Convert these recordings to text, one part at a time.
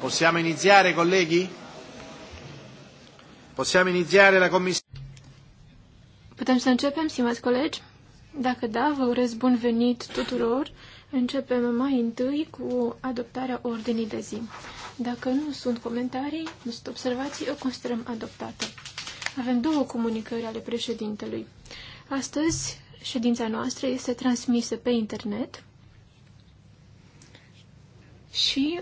Possiamo iniziare, colleghi? Possiamo iniziare la commissione? Putem să începem, stimați colegi? Dacă da, vă urez bun venit tuturor. Începem mai întâi cu adoptarea ordinii de zi. Dacă nu sunt comentarii, nu sunt observații, o considerăm adoptată. Avem două comunicări ale președintelui. Astăzi, ședința noastră este transmisă pe internet și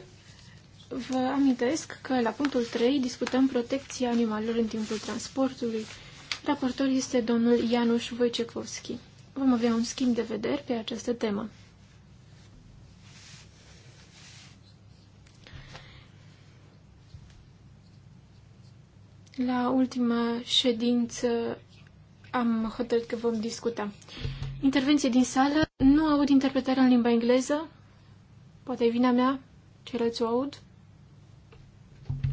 Vă amintesc că la punctul 3 discutăm protecția animalelor în timpul transportului. Raportor este domnul Ianuș Wojciechowski. Vom avea un schimb de vederi pe această temă. La ultima ședință am hotărât că vom discuta. Intervenție din sală. Nu aud interpretarea în limba engleză. Poate e vina mea. Ceilalți o aud.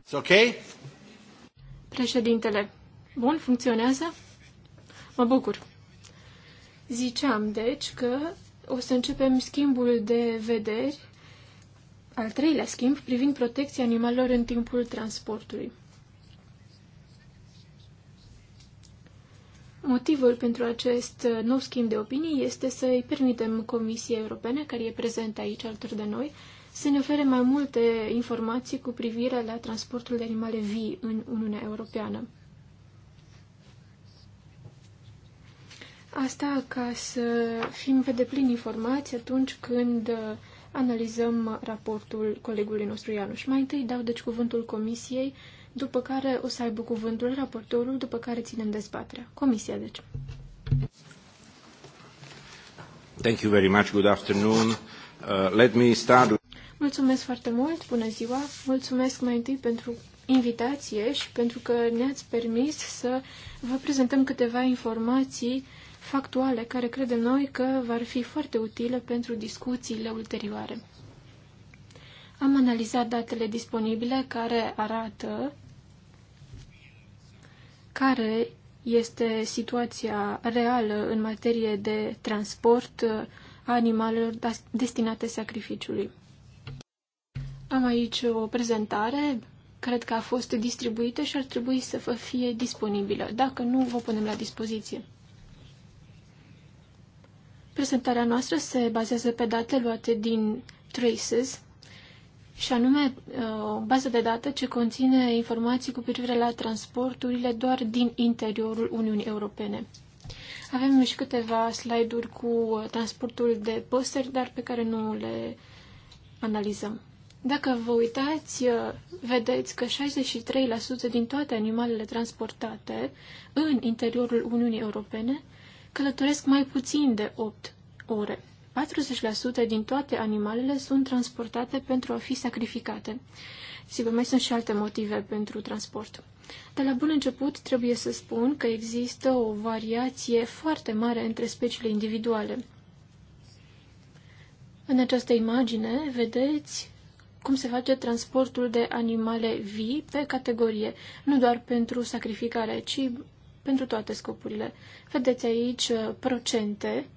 It's okay? Președintele, bun, funcționează? Mă bucur. Ziceam, deci, că o să începem schimbul de vederi, al treilea schimb, privind protecția animalelor în timpul transportului. Motivul pentru acest nou schimb de opinii este să îi permitem Comisiei Europene, care e prezentă aici alături de noi, să ne ofere mai multe informații cu privire la transportul de animale vii în Uniunea Europeană. Asta ca să fim pe deplin informați atunci când uh, analizăm raportul colegului nostru Ianuș. Mai întâi dau deci cuvântul comisiei, după care o să aibă cuvântul raportorul, după care ținem dezbaterea. Comisia, deci. Thank you very much. Good afternoon. Uh, let me start with... Mulțumesc foarte mult, bună ziua! Mulțumesc mai întâi pentru invitație și pentru că ne-ați permis să vă prezentăm câteva informații factuale care credem noi că vor fi foarte utile pentru discuțiile ulterioare. Am analizat datele disponibile care arată care este situația reală în materie de transport animalelor destinate sacrificiului. Am aici o prezentare, cred că a fost distribuită și ar trebui să vă fie disponibilă. Dacă nu, vă punem la dispoziție. Prezentarea noastră se bazează pe date luate din Traces, și anume uh, o bază de date ce conține informații cu privire la transporturile doar din interiorul Uniunii Europene. Avem și câteva slide-uri cu uh, transportul de păsări, dar pe care nu le analizăm. Dacă vă uitați, uh, vedeți că 63% din toate animalele transportate în interiorul Uniunii Europene călătoresc mai puțin de 8 ore. 40% din toate animalele sunt transportate pentru a fi sacrificate. Sigur, mai sunt și alte motive pentru transport. De la bun început trebuie să spun că există o variație foarte mare între speciile individuale. În această imagine vedeți cum se face transportul de animale vii pe categorie, nu doar pentru sacrificare, ci pentru toate scopurile. Vedeți aici uh, procente.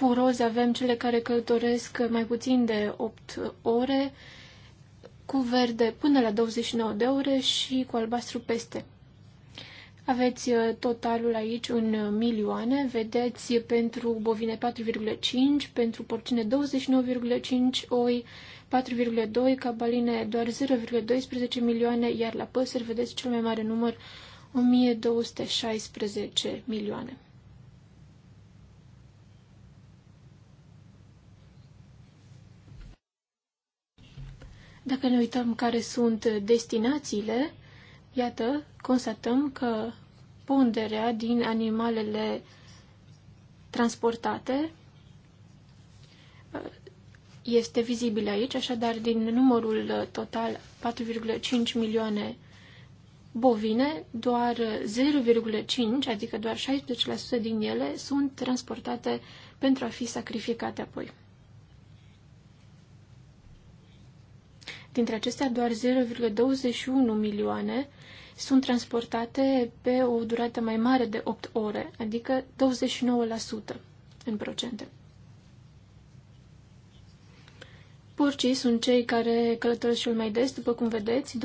Cu roz avem cele care călătoresc mai puțin de 8 ore, cu verde până la 29 de ore și cu albastru peste aveți uh, totalul aici în uh, milioane, vedeți uh, pentru bovine 4,5, pentru porcine 29,5, oi 4,2, cabaline doar 0,12 milioane, iar la păsări vedeți cel mai mare număr, 1216 milioane. Dacă ne uităm care sunt destinațiile, Iată, constatăm că ponderea din animalele transportate uh, este vizibilă aici, așadar din numărul uh, total 4,5 milioane bovine, doar 0,5, uh, adică doar 60% din ele, sunt transportate pentru a fi sacrificate apoi. Dintre acestea, doar 0,21 milioane sunt transportate pe o durată mai mare de 8 ore, adică 29% în procente. Purcii sunt cei care călătoresc cel mai des, după cum vedeți,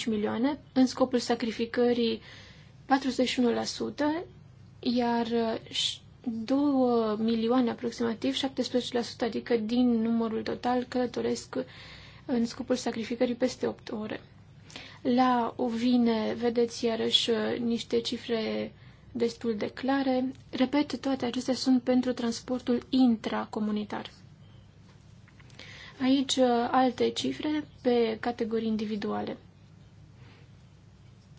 29,5 milioane, în scopul sacrificării 41%, iar 2 milioane aproximativ, 17%, adică din numărul total, călătoresc în scopul sacrificării peste 8 ore. La ovine vedeți iarăși uh, niște cifre destul de clare. Repet, toate acestea sunt pentru transportul intracomunitar. Aici uh, alte cifre pe categorii individuale.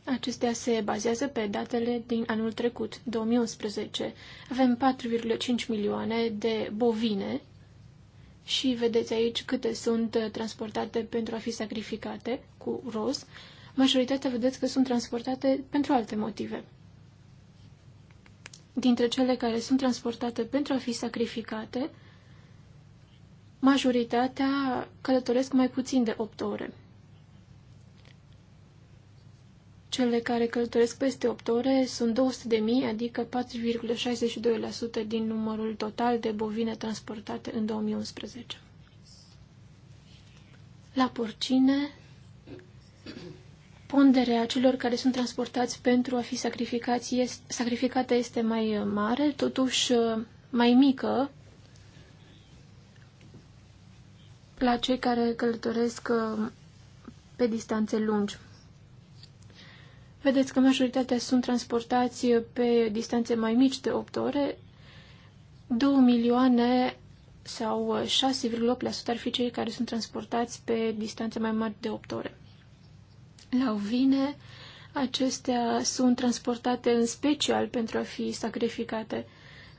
Acestea se bazează pe datele din anul trecut, 2011. Avem 4,5 milioane de bovine și vedeți aici câte sunt uh, transportate pentru a fi sacrificate cu roz. Majoritatea vedeți că sunt transportate pentru alte motive. Dintre cele care sunt transportate pentru a fi sacrificate, majoritatea călătoresc mai puțin de 8 ore. Cele care călătoresc peste 8 ore sunt 200.000, adică 4,62% din numărul total de bovine transportate în 2011. La porcine, ponderea celor care sunt transportați pentru a fi sacrificați este, sacrificate este mai mare, totuși mai mică la cei care călătoresc uh, pe distanțe lungi. Vedeți că majoritatea sunt transportați pe distanțe mai mici de 8 ore. 2 milioane sau 6,8% ar fi cei care sunt transportați pe distanțe mai mari de 8 ore. La vine, acestea sunt transportate în special pentru a fi sacrificate.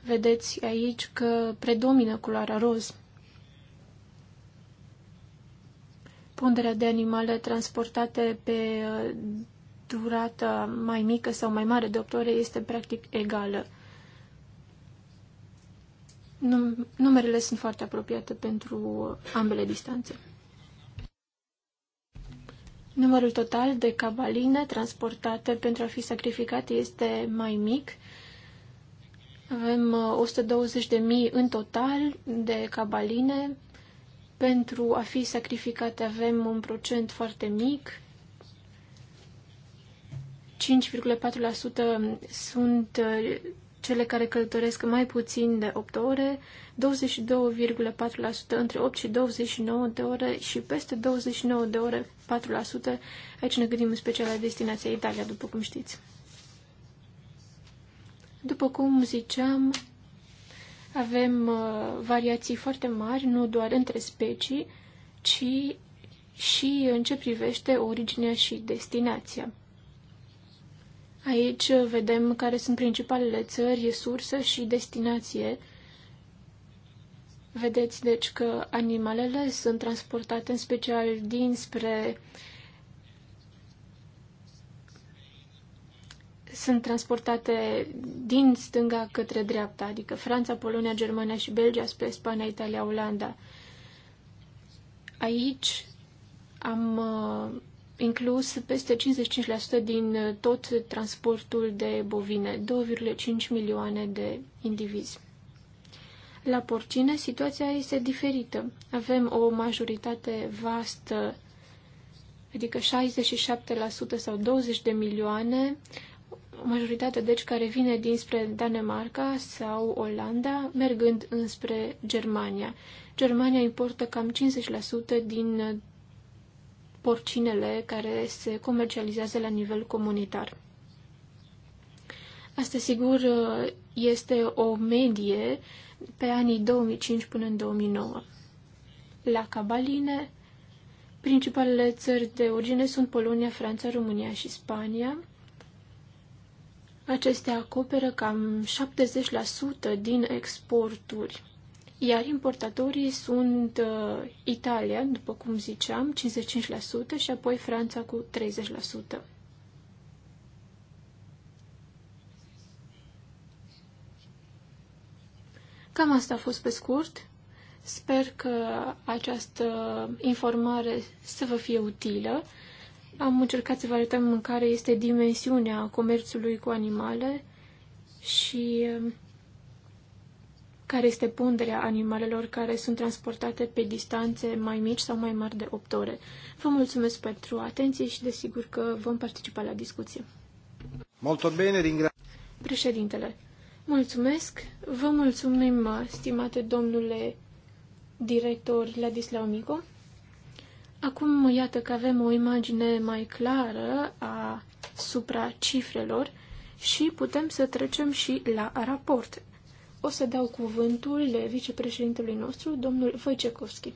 Vedeți aici că predomină culoarea roz. Ponderea de animale transportate pe durata mai mică sau mai mare de 8 ore este practic egală. Num numerele sunt foarte apropiate pentru ambele distanțe. Numărul total de cabaline transportate pentru a fi sacrificate este mai mic. Avem 120.000 uh, în total de cabaline. Pentru a fi sacrificate avem un procent foarte mic, 5,4% sunt uh, cele care călătoresc mai puțin de 8 ore, 22,4% între 8 și 29 de ore și peste 29 de ore 4%. Aici ne gândim în special la destinația Italia, după cum știți. După cum ziceam, avem uh, variații foarte mari, nu doar între specii, ci și în ce privește originea și destinația. Aici vedem care sunt principalele țări, sursă și destinație. Vedeți, deci, că animalele sunt transportate în special dinspre sunt transportate din stânga către dreapta, adică Franța, Polonia, Germania și Belgia spre Spania, Italia, Olanda. Aici am uh, inclus peste 55% din uh, tot transportul de bovine, 2,5 milioane de indivizi. La porcine situația este diferită. Avem o majoritate vastă, adică 67% sau 20 de milioane, o majoritate deci care vine dinspre Danemarca sau Olanda, mergând înspre Germania. Germania importă cam 50% din uh, porcinele care se comercializează la nivel comunitar. Asta, sigur, este o medie pe anii 2005 până în 2009. La cabaline, principalele țări de origine sunt Polonia, Franța, România și Spania. Acestea acoperă cam 70% din exporturi iar importatorii sunt uh, Italia, după cum ziceam, 55% și apoi Franța cu 30%. Cam asta a fost pe scurt. Sper că această informare să vă fie utilă. Am încercat să vă arătăm în care este dimensiunea comerțului cu animale și uh, care este ponderea animalelor care sunt transportate pe distanțe mai mici sau mai mari de 8 ore. Vă mulțumesc pentru atenție și desigur că vom participa la discuție. Molto bene, ringra... Președintele, mulțumesc, vă mulțumim, stimate domnule director Ladislao Mico. Acum, iată că avem o imagine mai clară a supra cifrelor și putem să trecem și la raport o să dau cuvântul vicepreședintelui nostru, domnul Wojciechowski.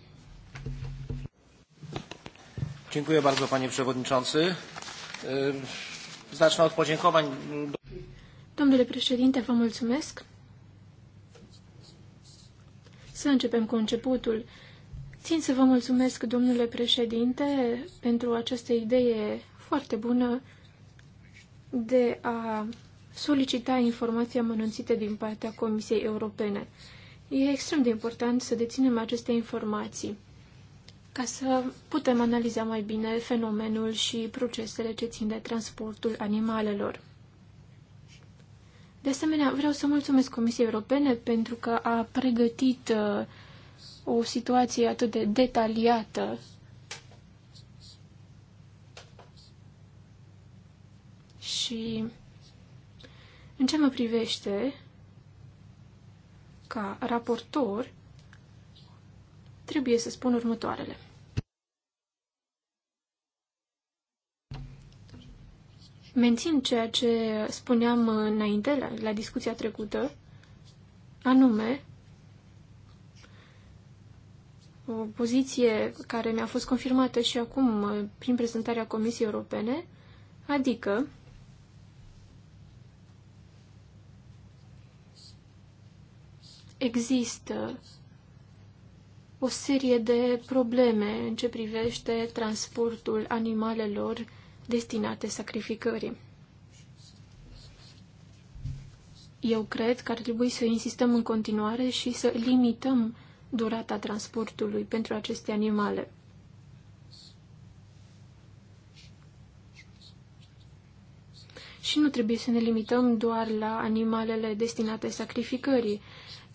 Dziękuję bardzo, panie przewodniczący. Zacznę od podziękowań. Domnule președinte, vă mulțumesc. Să începem cu începutul. Țin să vă mulțumesc, domnule președinte, pentru această idee foarte bună de a solicita informații amănunțite din partea Comisiei Europene. E extrem de important să deținem aceste informații ca să putem analiza mai bine fenomenul și procesele ce țin de transportul animalelor. De asemenea, vreau să mulțumesc Comisiei Europene pentru că a pregătit uh, o situație atât de detaliată și în ce mă privește, ca raportor, trebuie să spun următoarele. Mențin ceea ce spuneam înainte, la, la discuția trecută, anume o poziție care mi-a fost confirmată și acum prin prezentarea Comisiei Europene, adică există o serie de probleme în ce privește transportul animalelor destinate sacrificării. Eu cred că ar trebui să insistăm în continuare și să limităm durata transportului pentru aceste animale. Și nu trebuie să ne limităm doar la animalele destinate sacrificării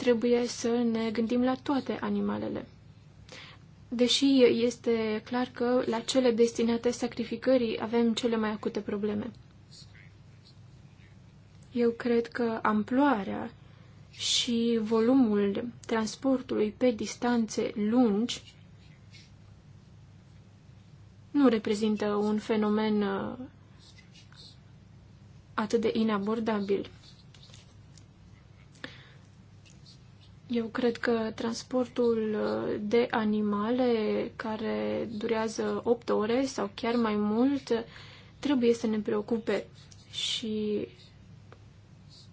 trebuie să ne gândim la toate animalele. Deși este clar că la cele destinate sacrificării avem cele mai acute probleme. Eu cred că amploarea și volumul transportului pe distanțe lungi nu reprezintă un fenomen uh, atât de inabordabil. Eu cred că transportul uh, de animale care durează 8 ore sau chiar mai mult trebuie să ne preocupe și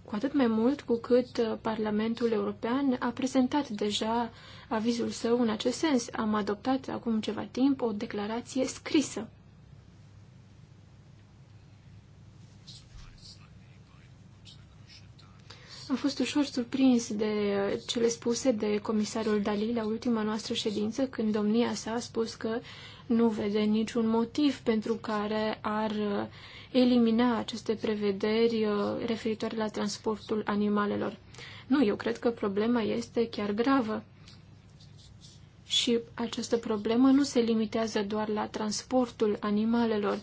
cu atât mai mult cu cât uh, Parlamentul European a prezentat deja avizul său în acest sens. Am adoptat acum ceva timp o declarație scrisă. Am fost ușor surprins de uh, cele spuse de comisarul Dali la ultima noastră ședință, când domnia sa a spus că nu vede niciun motiv pentru care ar uh, elimina aceste prevederi uh, referitoare la transportul animalelor. Nu, eu cred că problema este chiar gravă. Și această problemă nu se limitează doar la transportul animalelor.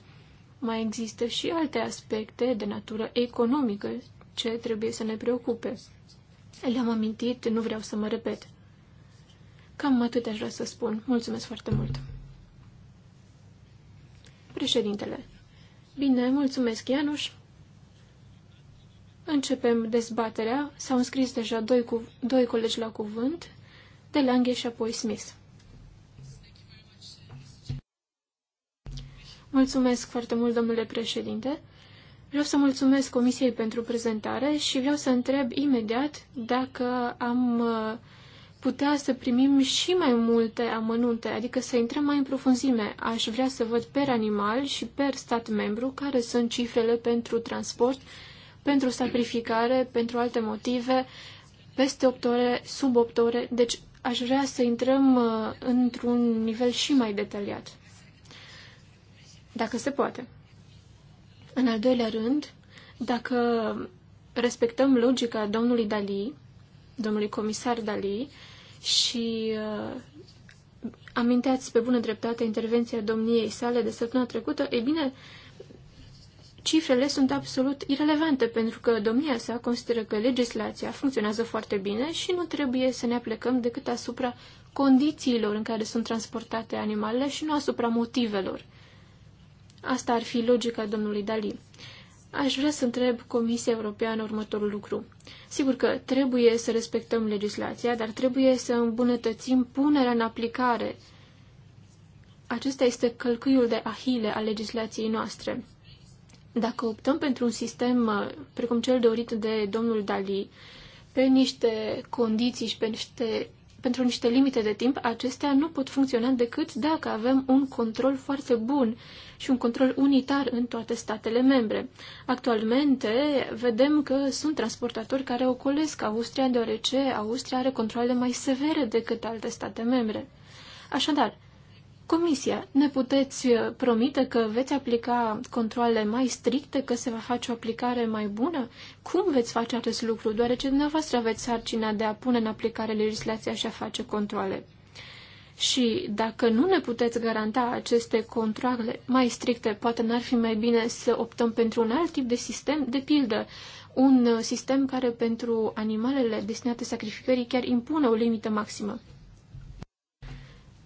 Mai există și alte aspecte de natură economică ce trebuie să ne preocupe. Le-am amintit, nu vreau să mă repet. Cam atât aș vrea să spun. Mulțumesc foarte mult. Președintele. Bine, mulțumesc, Ianuș. Începem dezbaterea. S-au înscris deja doi, cu... doi colegi la cuvânt, de Lange și apoi Smith. Mulțumesc foarte mult, domnule președinte. Vreau să mulțumesc Comisiei pentru prezentare și vreau să întreb imediat dacă am uh, putea să primim și mai multe amănunte, adică să intrăm mai în profunzime. Aș vrea să văd per animal și per stat membru care sunt cifrele pentru transport, pentru sacrificare, pentru alte motive, peste 8 ore, sub 8 ore. Deci aș vrea să intrăm uh, într-un nivel și mai detaliat. Dacă se poate. În al doilea rând, dacă respectăm logica domnului Dali, domnului comisar Dali, și uh, aminteați pe bună dreptate intervenția domniei sale de săptămâna trecută, e bine, cifrele sunt absolut irelevante pentru că domnia sa consideră că legislația funcționează foarte bine și nu trebuie să ne aplecăm decât asupra condițiilor în care sunt transportate animalele și nu asupra motivelor. Asta ar fi logica domnului Dali. Aș vrea să întreb Comisia Europeană următorul lucru. Sigur că trebuie să respectăm legislația, dar trebuie să îmbunătățim punerea în aplicare. Acesta este călcâiul de ahile al legislației noastre. Dacă optăm pentru un sistem uh, precum cel dorit de domnul Dali, pe niște condiții și pe niște pentru niște limite de timp, acestea nu pot funcționa decât dacă avem un control foarte bun și un control unitar în toate statele membre. Actualmente vedem că sunt transportatori care ocolesc Austria, deoarece Austria are controle mai severe decât alte state membre. Așadar, Comisia, ne puteți uh, promite că veți aplica controle mai stricte, că se va face o aplicare mai bună? Cum veți face acest lucru, deoarece dumneavoastră aveți sarcina de a pune în aplicare legislația și a face controle? Și dacă nu ne puteți garanta aceste controle mai stricte, poate n-ar fi mai bine să optăm pentru un alt tip de sistem, de pildă, un uh, sistem care pentru animalele destinate sacrificării chiar impune o limită maximă.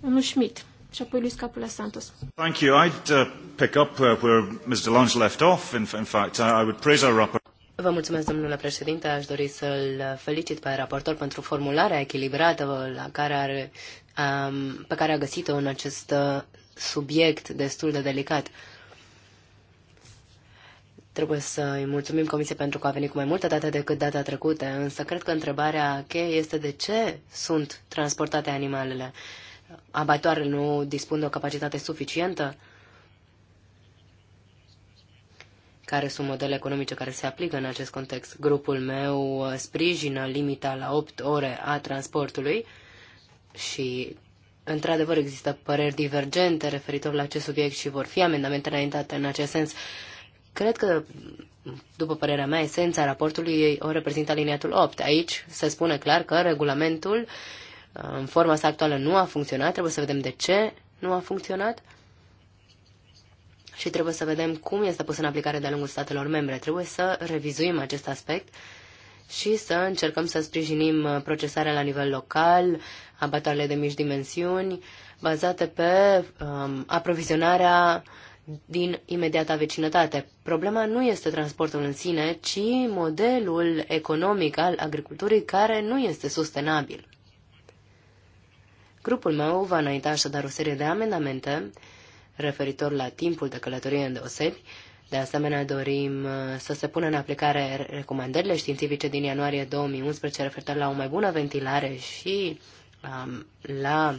Domnul Schmidt și apoi Luis Capula Santos. Thank you. I'd uh, pick up uh, where Ms. DeLange left off. In, in fact, I, I would praise our rapport. Vă mulțumesc, domnule președinte. Aș dori să-l felicit pe raportor pentru formularea echilibrată la care are, um, pe care a găsit-o în acest uh, subiect destul de delicat. Trebuie să îi mulțumim Comisiei pentru că a venit cu mai multe date decât data trecută, însă cred că întrebarea cheie este de ce sunt transportate animalele. Uh, abatoarele nu dispun de o capacitate suficientă? Care sunt modele economice care se aplică în acest context? Grupul meu sprijină limita la 8 ore a transportului și, într-adevăr, există păreri divergente referitor la acest subiect și vor fi amendamente înaintate în acest sens. Cred că, după părerea mea, esența raportului o reprezintă aliniatul 8. Aici se spune clar că regulamentul uh, în forma sa actuală nu a funcționat, trebuie să vedem de ce nu a funcționat și trebuie să vedem cum este pus în aplicare de-a lungul statelor membre. Trebuie să revizuim acest aspect și să încercăm să sprijinim procesarea la nivel local, abatoarele de mici dimensiuni, bazate pe um, aprovizionarea din imediata vecinătate. Problema nu este transportul în sine, ci modelul economic al agriculturii care nu este sustenabil. Grupul meu va înainta așadar o serie de amendamente referitor la timpul de călătorie în deosebi. De asemenea, dorim uh, să se pună în aplicare recomandările științifice din ianuarie 2011 referitor la o mai bună ventilare și um, la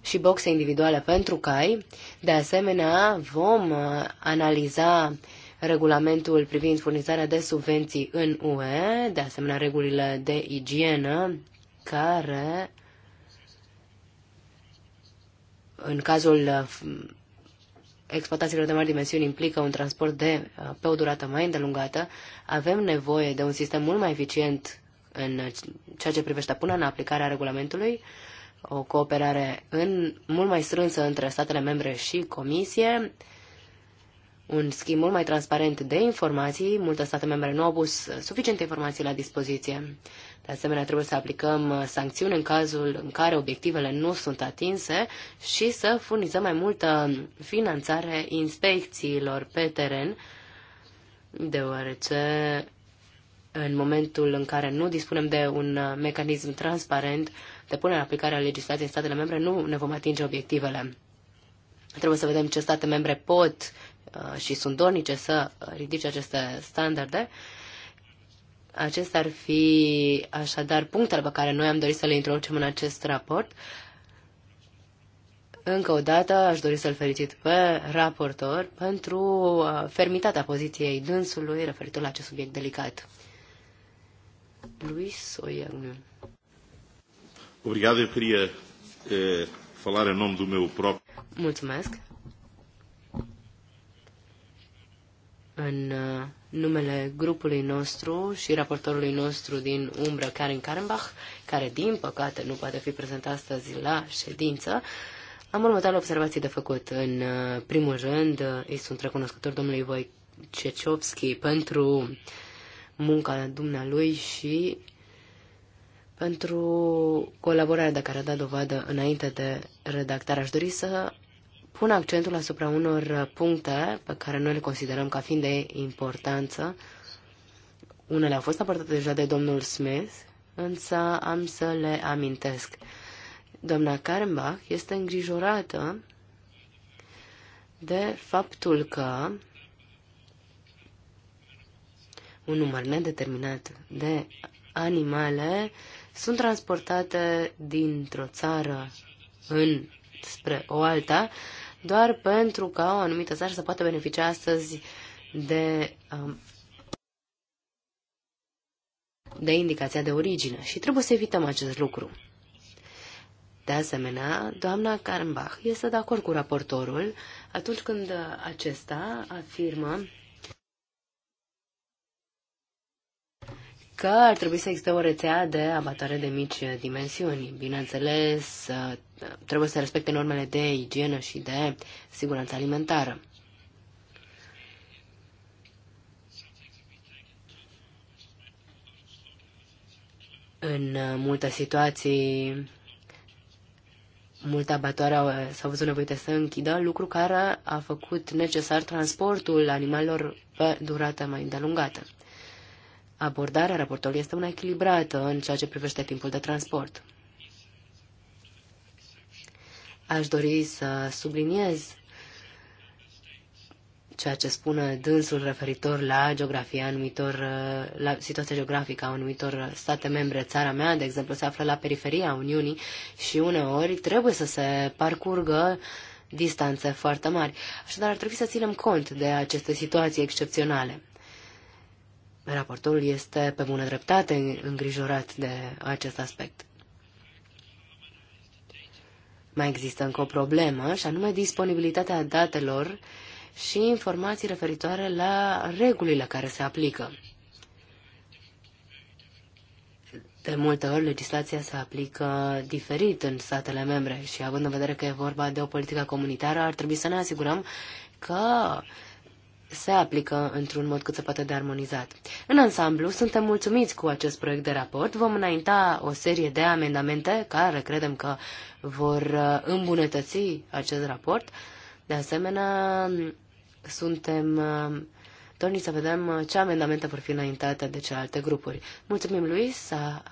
și boxe individuale pentru cai. De asemenea, vom uh, analiza regulamentul privind furnizarea de subvenții în UE, de asemenea regulile de igienă, care în cazul uh, exploatațiilor de mari dimensiuni implică un transport de, uh, pe o durată mai îndelungată, avem nevoie de un sistem mult mai eficient în uh, ceea ce privește până în aplicarea regulamentului, o cooperare în, mult mai strânsă între statele membre și Comisie, un schimb mult mai transparent de informații. Multe state membre nu au pus suficiente informații la dispoziție. De asemenea, trebuie să aplicăm sancțiuni în cazul în care obiectivele nu sunt atinse și să furnizăm mai multă finanțare inspecțiilor pe teren, deoarece în momentul în care nu dispunem de un mecanism transparent de punere în aplicare a legislației în statele membre, nu ne vom atinge obiectivele. Trebuie să vedem ce state membre pot Uh, și sunt dornice să ridice aceste standarde. Acestea ar fi așadar punctele pe care noi am dorit să le introducem în acest raport. Încă o dată aș dori să-l felicit pe raportor pentru uh, fermitatea poziției dânsului referitor la acest subiect delicat. Luis Oianu. Obrigado, eu queria eh, falar em nome do meu próprio. Mulțumesc. în uh, numele grupului nostru și raportorului nostru din umbră, Karin Karenbach, care din păcate nu poate fi prezent astăzi la ședință, am următoarele observații de făcut. În uh, primul rând, uh, îi sunt recunoscător domnului Wojciechowski pentru munca dumnealui și pentru colaborarea de care a dat dovadă înainte de redactare. Aș dori să pun accentul asupra unor puncte pe care noi le considerăm ca fiind de importanță. Unele au fost abordate deja de domnul Smith, însă am să le amintesc. Doamna Karmbach este îngrijorată de faptul că un număr nedeterminat de animale sunt transportate dintr-o țară în spre o alta doar pentru ca o anumită țară să poată beneficia astăzi de, um, de indicația de origine și trebuie să evităm acest lucru. De asemenea, doamna Karmbach este de acord cu raportorul atunci când acesta afirmă că ar trebui să existe o rețea de abatare de mici dimensiuni. Bineînțeles, trebuie să respecte normele de igienă și de siguranță alimentară. În multe situații, multe abatoare s-au văzut nevoite să închidă, lucru care a făcut necesar transportul animalelor pe durată mai îndelungată abordarea raportului este una echilibrată în ceea ce privește timpul de transport. Aș dori să subliniez ceea ce spune dânsul referitor la geografia anumitor, uh, la situația geografică a anumitor state membre. Țara mea, de exemplu, se află la periferia Uniunii și uneori trebuie să se parcurgă distanțe foarte mari. Așadar, ar trebui să ținem cont de aceste situații excepționale. Raportorul este pe bună dreptate îngrijorat de acest aspect. Mai există încă o problemă, și anume disponibilitatea datelor și informații referitoare la regulile care se aplică. De multe ori, legislația se aplică diferit în statele membre și, având în vedere că e vorba de o politică comunitară, ar trebui să ne asigurăm că uh, se aplică într-un mod cât se poate de armonizat. În ansamblu, suntem mulțumiți cu acest proiect de raport. Vom înainta o serie de amendamente care credem că vor uh, îmbunătăți acest raport. De asemenea, suntem uh, dorni să vedem uh, ce amendamente vor fi înaintate de celelalte grupuri. Mulțumim lui, Sa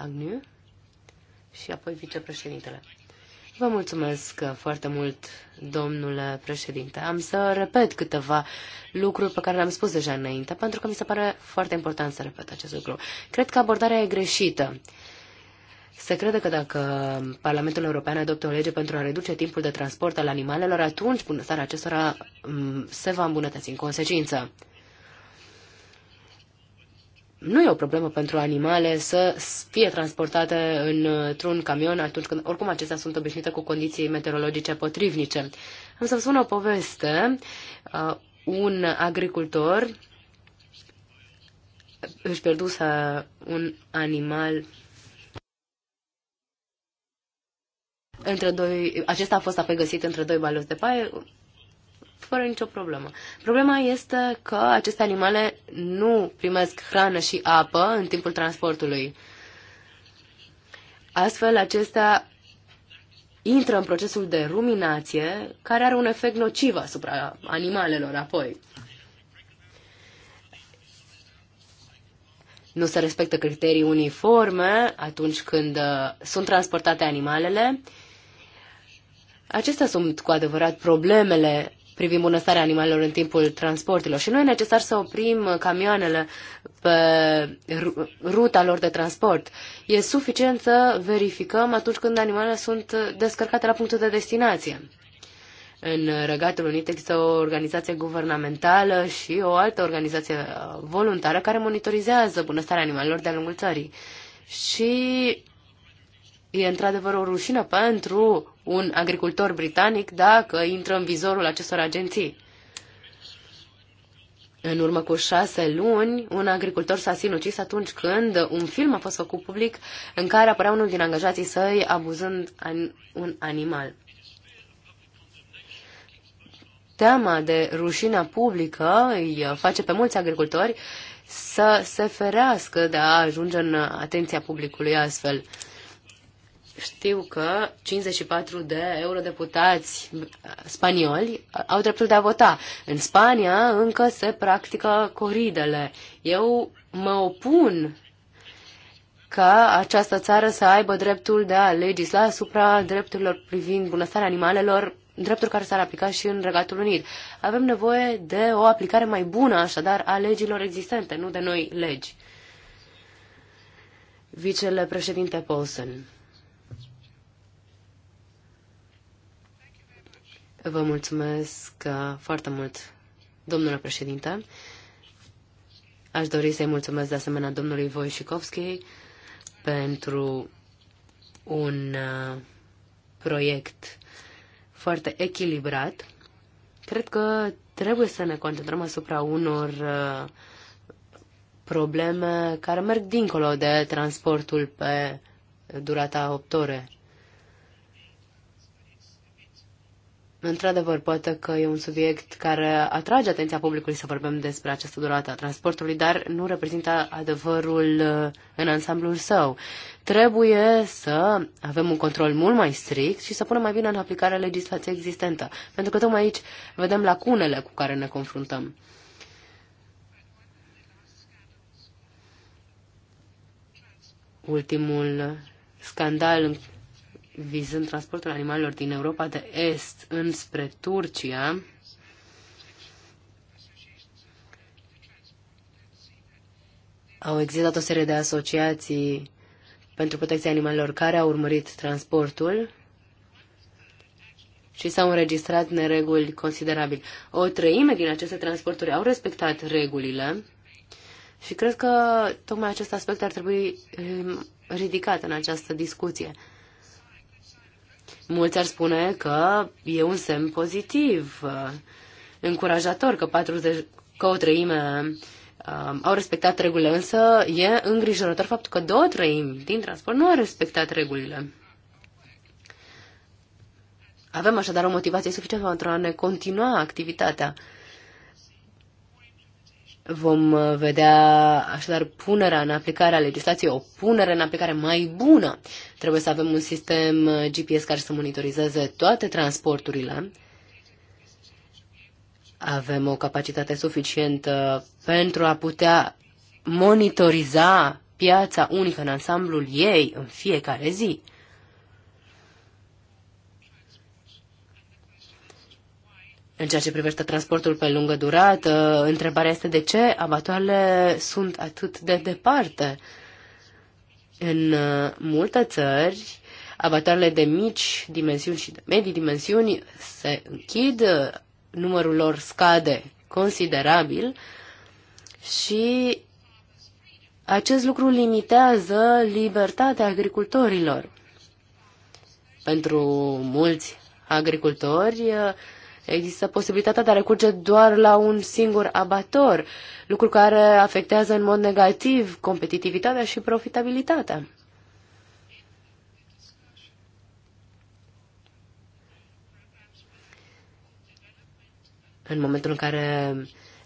și apoi vicepreședintele. Vă mulțumesc foarte mult, domnule președinte. Am să repet câteva lucruri pe care le-am spus deja înainte, pentru că mi se pare foarte important să repet acest lucru. Cred că abordarea e greșită. Se crede că dacă Parlamentul European adoptă o lege pentru a reduce timpul de transport al animalelor, atunci bunăstarea acestora mm, se va îmbunătăți în consecință nu e o problemă pentru animale să fie transportate într-un camion atunci când oricum acestea sunt obișnuite cu condiții meteorologice potrivnice. Am să-mi spun o poveste. Uh, un agricultor își pierduse un animal între doi, acesta a fost apoi găsit între doi baloți de paie, fără nicio problemă. Problema este că aceste animale nu primesc hrană și apă în timpul transportului. Astfel, acestea intră în procesul de ruminație, care are un efect nociv asupra animalelor apoi. Nu se respectă criterii uniforme atunci când uh, sunt transportate animalele. Acestea sunt cu adevărat problemele privind bunăstarea animalelor în timpul transportilor. Și nu e necesar să oprim camioanele pe ruta lor de transport. E suficient să verificăm atunci când animalele sunt descărcate la punctul de destinație. În Regatul Unit există o organizație guvernamentală și o altă organizație voluntară care monitorizează bunăstarea animalelor de-a lungul țării. Și E într-adevăr o rușină pentru un agricultor britanic dacă intră în vizorul acestor agenții. În urmă cu șase luni, un agricultor s-a sinucis atunci când un film a fost făcut public în care apărea unul din angajații săi abuzând an- un animal. Teama de rușina publică îi face pe mulți agricultori să se ferească de a ajunge în atenția publicului astfel. Știu că 54 de eurodeputați spanioli au dreptul de a vota. În Spania încă se practică coridele. Eu mă opun ca această țară să aibă dreptul de a legisla asupra drepturilor privind bunăstarea animalelor, drepturi care s-ar aplica și în Regatul Unit. Avem nevoie de o aplicare mai bună, așadar, a legilor existente, nu de noi legi. Vicele președinte Paulson. Vă mulțumesc uh, foarte mult, domnule președinte. Aș dori să-i mulțumesc de asemenea domnului Wojciechowski pentru un uh, proiect foarte echilibrat. Cred că trebuie să ne concentrăm asupra unor uh, probleme care merg dincolo de transportul pe durata 8 ore. Într-adevăr, poate că e un subiect care atrage atenția publicului să vorbim despre această durată a transportului, dar nu reprezintă adevărul uh, în ansamblul său. Trebuie să avem un control mult mai strict și să punem mai bine în aplicare legislația existentă, pentru că tocmai aici vedem lacunele cu care ne confruntăm. Ultimul scandal vizând transportul animalelor din Europa de Est înspre Turcia, au existat o serie de asociații pentru protecția animalelor care au urmărit transportul și s-au înregistrat nereguli considerabile. O treime din aceste transporturi au respectat regulile și cred că tocmai acest aspect ar trebui eh, ridicat în această discuție. Mulți ar spune că e un semn pozitiv, uh, încurajator, că, 40, că o treime uh, au respectat regulile, însă e îngrijorător faptul că două treimi din transport nu au respectat regulile. Avem așadar o motivație suficientă pentru a ne continua activitatea. Vom uh, vedea așadar punerea în aplicare a legislației, o punere în aplicare mai bună. Trebuie să avem un sistem uh, GPS care să monitorizeze toate transporturile. Avem o capacitate suficientă pentru a putea monitoriza piața unică în ansamblul ei în fiecare zi. În ceea ce privește transportul pe lungă durată, întrebarea este de ce abatoarele sunt atât de departe. În uh, multe țări, abatoarele de mici dimensiuni și de medii dimensiuni se închid, numărul lor scade considerabil și acest lucru limitează libertatea agricultorilor. Pentru mulți agricultori, uh, Există posibilitatea de a recurge doar la un singur abator, lucru care afectează în mod negativ competitivitatea și profitabilitatea. În momentul în care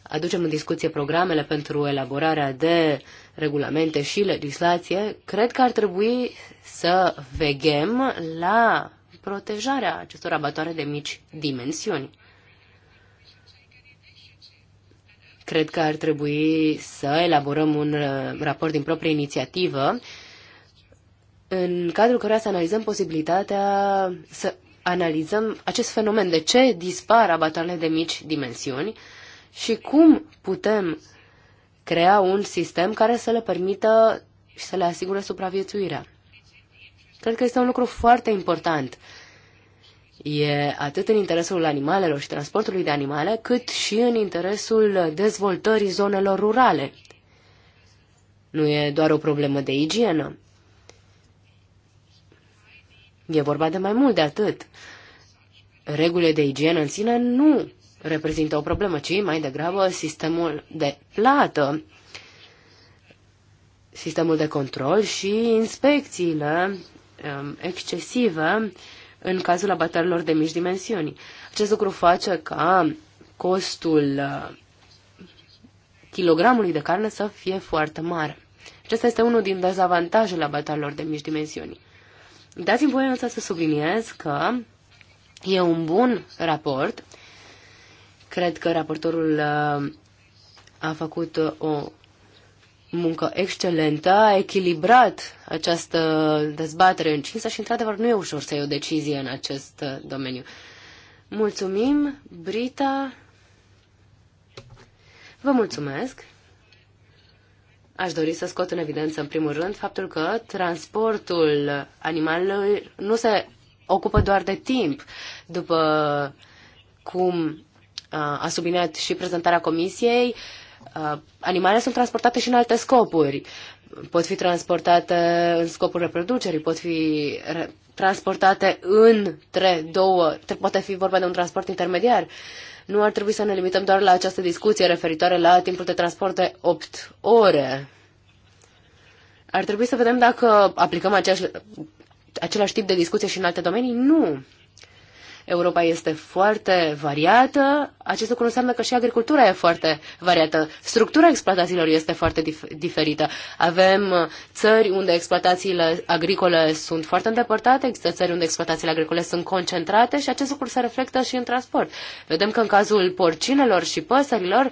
aducem în discuție programele pentru elaborarea de regulamente și legislație, cred că ar trebui să veghem la protejarea acestor abatoare de mici dimensiuni. Cred că ar trebui să elaborăm un uh, raport din proprie inițiativă în cadrul căruia să analizăm posibilitatea să analizăm acest fenomen, de ce dispar abatoarele de mici dimensiuni și cum putem crea un sistem care să le permită și să le asigure supraviețuirea. Cred că este un lucru foarte important. E atât în interesul animalelor și transportului de animale, cât și în interesul dezvoltării zonelor rurale. Nu e doar o problemă de igienă. E vorba de mai mult de atât. Regulile de igienă în sine nu reprezintă o problemă, ci mai degrabă sistemul de plată, sistemul de control și inspecțiile Um, excesivă în cazul abaterilor de mici dimensiuni. Acest lucru face ca costul uh, kilogramului de carne să fie foarte mare. Acesta este unul din dezavantajele abaterilor de mici dimensiuni. Dați-mi voie însă să subliniez că e un bun raport. Cred că raportorul uh, a făcut uh, o muncă excelentă, a echilibrat această dezbatere încinsă și, într-adevăr, nu e ușor să iei o decizie în acest uh, domeniu. Mulțumim, Brita. Vă mulțumesc. Aș dori să scot în evidență, în primul rând, faptul că transportul animalelor nu se ocupă doar de timp. După cum uh, a subliniat și prezentarea comisiei, uh, Uh, animalele sunt transportate și în alte scopuri. Pot fi transportate în scopul reproducerii, pot fi transportate între două, poate fi vorba de un transport intermediar. Nu ar trebui să ne limităm doar la această discuție referitoare la timpul de transport de 8 ore. Ar trebui să vedem dacă aplicăm aceeași, același tip de discuție și în alte domenii. Nu. Europa este foarte variată, acest lucru înseamnă că și agricultura e foarte variată. Structura exploatațiilor este foarte dif- diferită. Avem uh, țări unde exploatațiile agricole sunt foarte îndepărtate, există țări unde exploatațiile agricole sunt concentrate și acest lucru se reflectă și în transport. Vedem că în cazul porcinelor și păsărilor,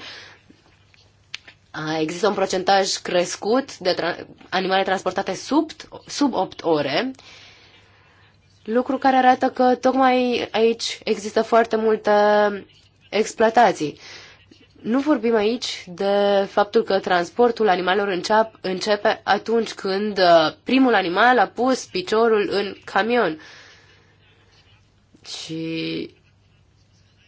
Există un procentaj crescut de tra- animale transportate sub, sub 8 ore, uh, Lucru care arată că tocmai aici există foarte multe exploatații. Nu vorbim aici de faptul că transportul animalelor înceap, începe atunci când uh, primul animal a pus piciorul în camion. Și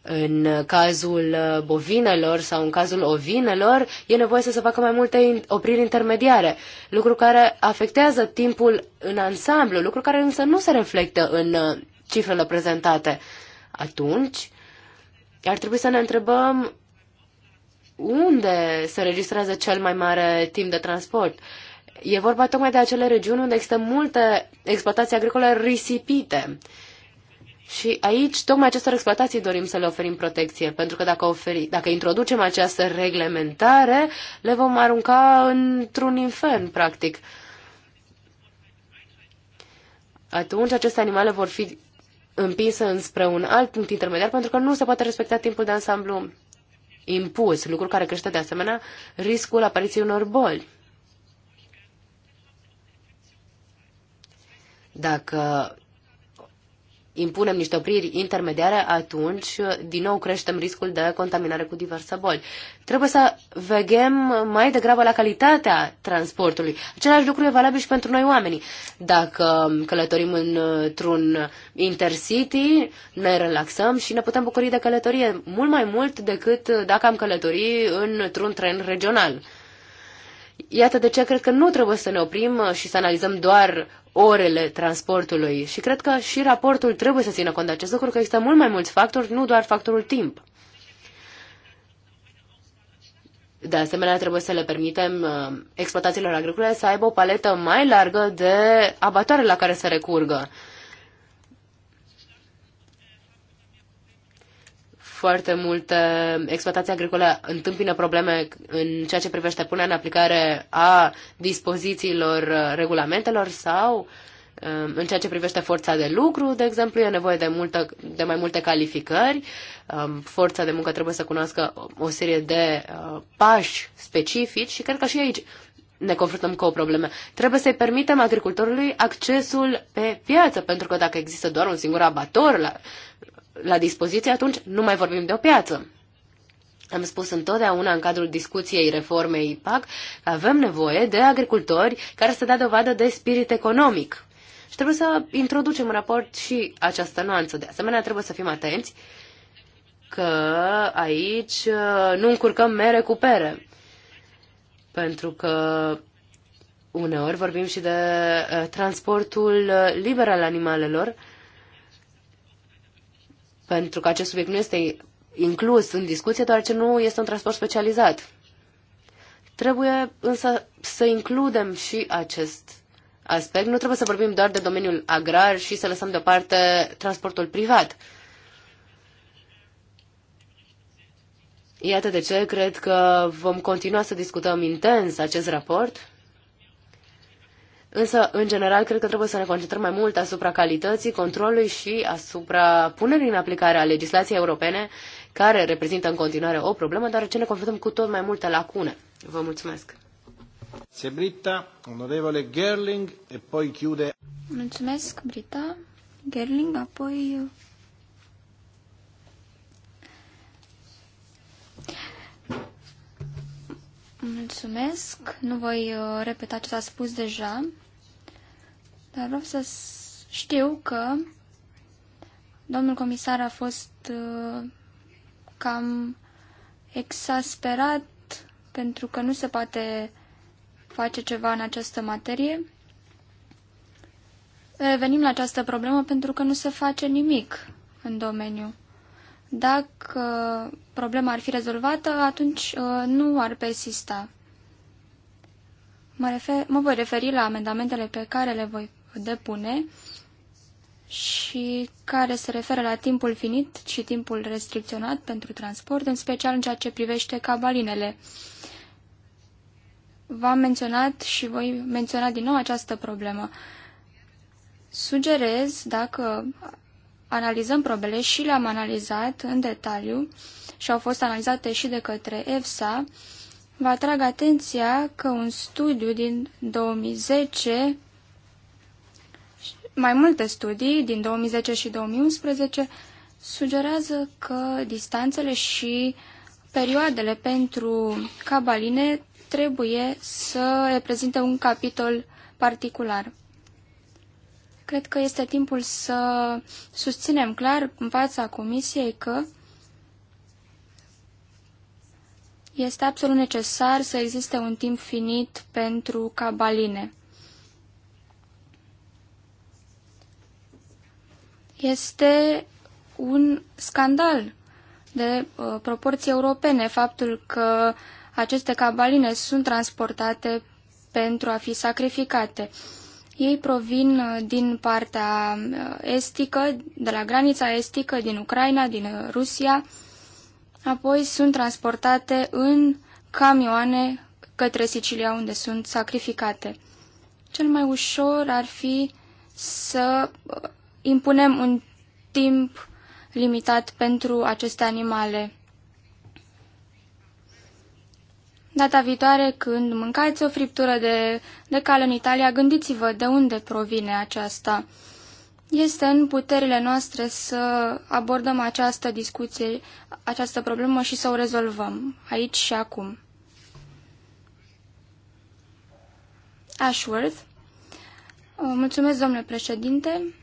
în cazul uh, bovinelor sau în cazul ovinelor, e nevoie să se facă mai multe opriri intermediare, lucru care afectează timpul în ansamblu, lucru care însă nu se reflectă în uh, cifrele prezentate. Atunci, ar trebui să ne întrebăm unde se registrează cel mai mare timp de transport. E vorba tocmai de acele regiuni unde există multe exploatații agricole risipite. Uh, și aici, tocmai acestor exploatații dorim să le oferim protecție, pentru că dacă, oferi, dacă introducem această reglementare, le vom arunca într-un infern, practic. Atunci aceste animale vor fi împinsă înspre un alt punct intermediar pentru că nu se poate respecta timpul de ansamblu impus, lucru care crește de asemenea riscul apariției unor boli. Dacă impunem niște opriri intermediare, atunci uh, din nou creștem riscul de contaminare cu diverse boli. Trebuie să vegem mai degrabă la calitatea transportului. Același lucru e valabil și pentru noi oamenii. Dacă călătorim într-un intercity, ne relaxăm și ne putem bucuri de călătorie mult mai mult decât dacă am călători într-un tren regional. Iată de ce cred că nu trebuie să ne oprim uh, și să analizăm doar orele transportului și cred că și raportul trebuie să țină cont de acest lucru, că există mult mai mulți factori, nu doar factorul timp. De asemenea, trebuie să le permitem uh, exploatațiilor agricole să aibă o paletă mai largă de abatoare la care să recurgă. foarte multe exploatații agricole întâmpină probleme în ceea ce privește punerea în aplicare a dispozițiilor uh, regulamentelor sau um, în ceea ce privește forța de lucru, de exemplu, e nevoie de, multă, de mai multe calificări. Um, forța de muncă trebuie să cunoască o serie de uh, pași specifici și cred că și aici ne confruntăm cu o problemă. Trebuie să-i permitem agricultorului accesul pe piață, pentru că dacă există doar un singur abator la, la dispoziție, atunci nu mai vorbim de o piață. Am spus întotdeauna în cadrul discuției reformei PAC că avem nevoie de agricultori care să dea dovadă de spirit economic. Și trebuie să introducem în raport și această nuanță. De asemenea, trebuie să fim atenți că aici uh, nu încurcăm mere cu pere. Pentru că uneori vorbim și de uh, transportul uh, liber al animalelor pentru că acest subiect nu este inclus în discuție, doar ce nu este un transport specializat. Trebuie însă să includem și acest aspect. Nu trebuie să vorbim doar de domeniul agrar și să lăsăm deoparte transportul privat. Iată de ce cred că vom continua să discutăm intens acest raport Însă, în general, cred că trebuie să ne concentrăm mai mult asupra calității, controlului și asupra punerii în aplicare a legislației europene, care reprezintă în continuare o problemă, deoarece ne confruntăm cu tot mai multe lacune. Vă mulțumesc! Se Britta, onorevole Gerling e poi chiude. Mulțumesc, Brita. Gerling, apoi Mulțumesc. Nu voi uh, repeta ce s-a spus deja, dar vreau să știu că domnul comisar a fost uh, cam exasperat pentru că nu se poate face ceva în această materie. Venim la această problemă pentru că nu se face nimic în domeniu. Dacă problema ar fi rezolvată, atunci uh, nu ar persista. Mă, refer, mă voi referi la amendamentele pe care le voi depune și care se referă la timpul finit și timpul restricționat pentru transport, în special în ceea ce privește cabalinele. V-am menționat și voi menționa din nou această problemă. Sugerez, dacă analizăm probele și le-am analizat în detaliu și au fost analizate și de către EFSA, vă atrag atenția că un studiu din 2010, mai multe studii din 2010 și 2011, sugerează că distanțele și perioadele pentru cabaline trebuie să reprezinte un capitol particular. Cred că este timpul să susținem clar în fața Comisiei că este absolut necesar să existe un timp finit pentru cabaline. Este un scandal de uh, proporții europene faptul că aceste cabaline sunt transportate pentru a fi sacrificate. Uh, ei provin uh, din partea uh, estică, de la granița estică, din Ucraina, din uh, Rusia, apoi sunt transportate în camioane către Sicilia, unde sunt sacrificate. Cel mai ușor ar fi să impunem un timp limitat pentru aceste animale. Data viitoare, când mâncați o friptură de, de cal în Italia, gândiți-vă de unde provine aceasta. Este în puterile noastre să abordăm această discuție, această problemă și să o rezolvăm, aici și acum. Ashworth. Mulțumesc, domnule președinte.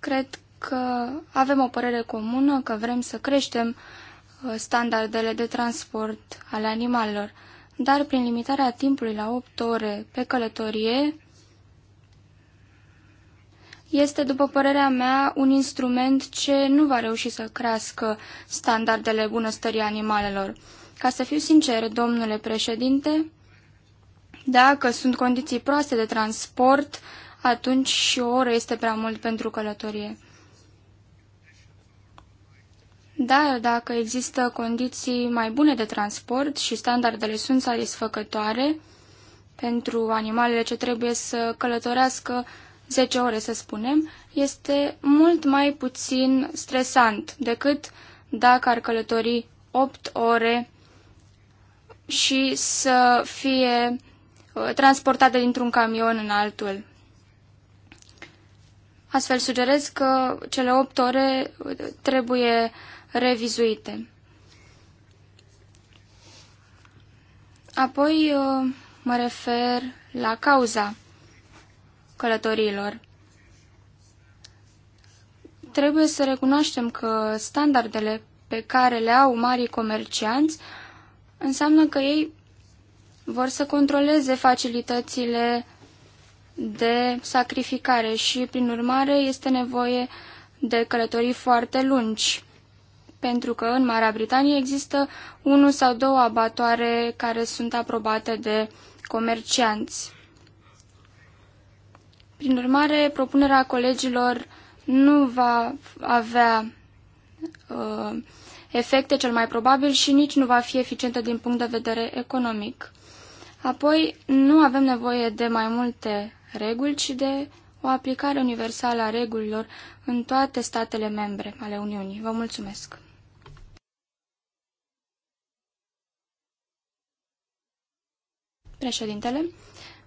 Cred că avem o părere comună, că vrem să creștem uh, Uh, standardele de transport ale animalelor, dar prin limitarea timpului la 8 ore pe călătorie, este, după părerea mea, un instrument ce nu va reuși să crească standardele bunăstării animalelor. Ca să fiu sincer, domnule președinte, dacă sunt condiții proaste de transport, atunci și o oră este prea mult pentru călătorie. Dar dacă există condiții mai bune de transport și standardele sunt satisfăcătoare pentru animalele ce trebuie să călătorească 10 ore, să spunem, este mult mai puțin stresant decât dacă ar călători 8 ore și să fie uh, transportate dintr-un camion în altul. Astfel sugerez că cele 8 ore uh, trebuie revizuite. Apoi uh, mă refer la cauza călătorilor. Trebuie să recunoaștem că standardele pe care le au marii comercianți înseamnă că ei vor să controleze facilitățile de sacrificare și, prin urmare, este nevoie de călătorii foarte lungi pentru că în Marea Britanie există unul sau două abatoare care sunt aprobate de comercianți. Prin urmare, propunerea colegilor nu va avea uh, efecte cel mai probabil și nici nu va fi eficientă din punct de vedere economic. Apoi, nu avem nevoie de mai multe reguli, ci de o aplicare universală a regulilor în toate statele membre ale Uniunii. Vă mulțumesc! Președintele,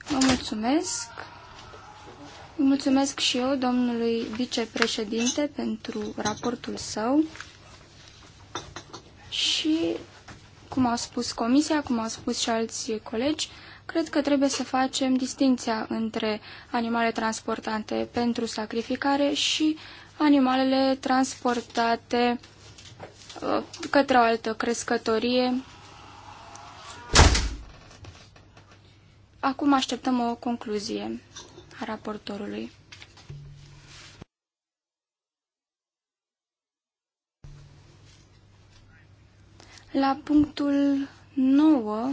vă mulțumesc. Mulțumesc și eu domnului vicepreședinte pentru raportul său și, cum a spus comisia, cum au spus și alți colegi, cred că trebuie să facem distinția între animale transportate pentru sacrificare și animalele transportate uh, către o altă crescătorie Acum așteptăm o concluzie a raportorului. La punctul 9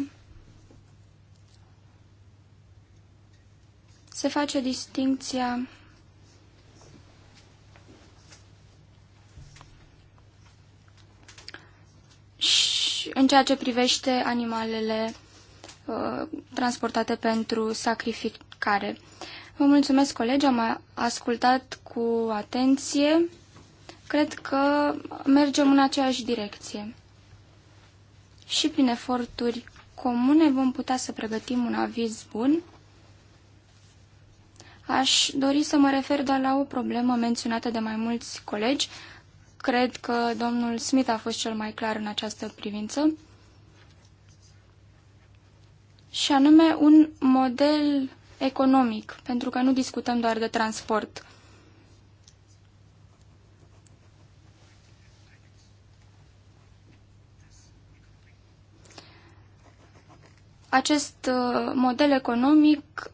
se face distinția în ceea ce privește animalele Uh, transportate pentru sacrificare. Vă mulțumesc, colegi, am ascultat cu atenție. Cred că mergem în aceeași direcție. Și prin eforturi comune vom putea să pregătim un aviz bun. Aș dori să mă refer doar la o problemă menționată de mai mulți colegi. Cred că domnul Smith a fost cel mai clar în această privință și anume un model economic, pentru că nu discutăm doar de transport. Acest uh, model economic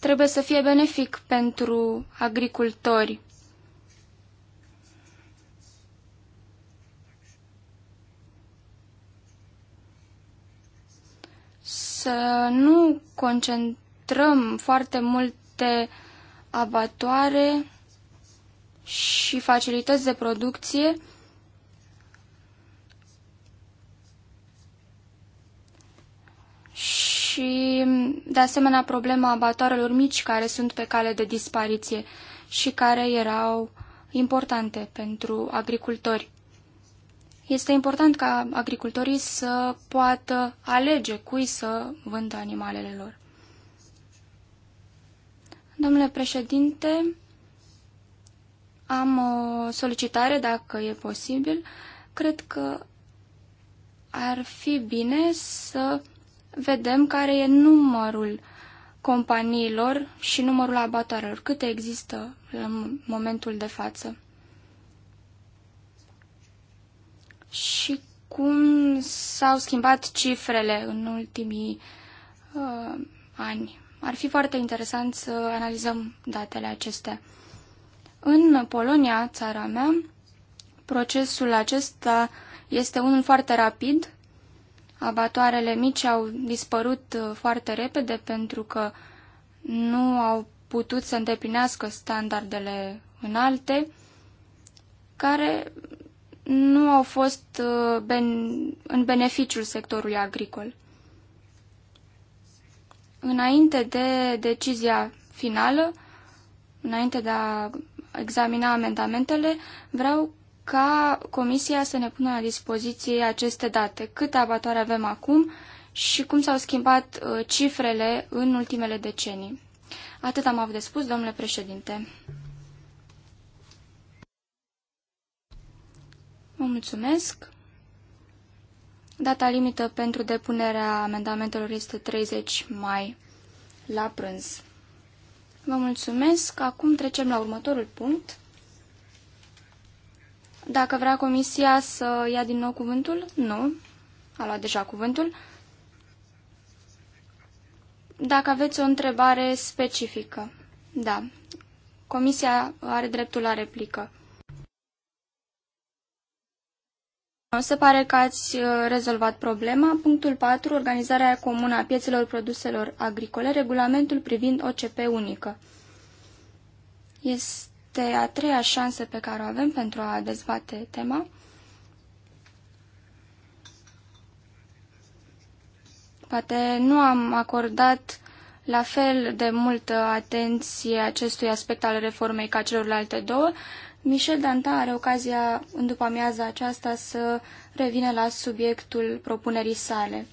trebuie să fie benefic pentru agricultori. să nu concentrăm foarte multe abatoare și facilități de producție și, de asemenea, problema abatoarelor mici care sunt pe cale de dispariție și care erau importante pentru agricultori. Este important ca agricultorii să poată alege cui să vândă animalele lor. Domnule președinte, am o solicitare, dacă e posibil. Cred că ar fi bine să vedem care e numărul companiilor și numărul abatoarelor, câte există în momentul de față. și cum s-au schimbat cifrele în ultimii uh, ani. Ar fi foarte interesant să analizăm datele acestea. În Polonia, țara mea, procesul acesta este unul foarte rapid. Abatoarele mici au dispărut uh, foarte repede pentru că nu au putut să îndeplinească standardele înalte, care nu au fost uh, ben, în beneficiul sectorului agricol. Înainte de decizia finală, înainte de a examina amendamentele, vreau ca Comisia să ne pună la dispoziție aceste date, câte abatoare avem acum și cum s-au schimbat uh, cifrele în ultimele decenii. Atât am avut de spus, domnule președinte. Vă mulțumesc. Data limită pentru depunerea amendamentelor este 30 mai la prânz. Vă mulțumesc. Acum trecem la următorul punct. Dacă vrea comisia să ia din nou cuvântul? Nu. A luat deja cuvântul. Dacă aveți o întrebare specifică. Da. Comisia are dreptul la replică. Se pare că ați uh, rezolvat problema. Punctul 4. Organizarea comună a piețelor produselor agricole, regulamentul privind OCP unică. Este a treia șansă pe care o avem pentru a dezbate tema. Poate nu am acordat la fel de multă atenție acestui aspect al reformei ca celorlalte două, Michel Danta are ocazia în după amiaza aceasta să revină la subiectul propunerii sale.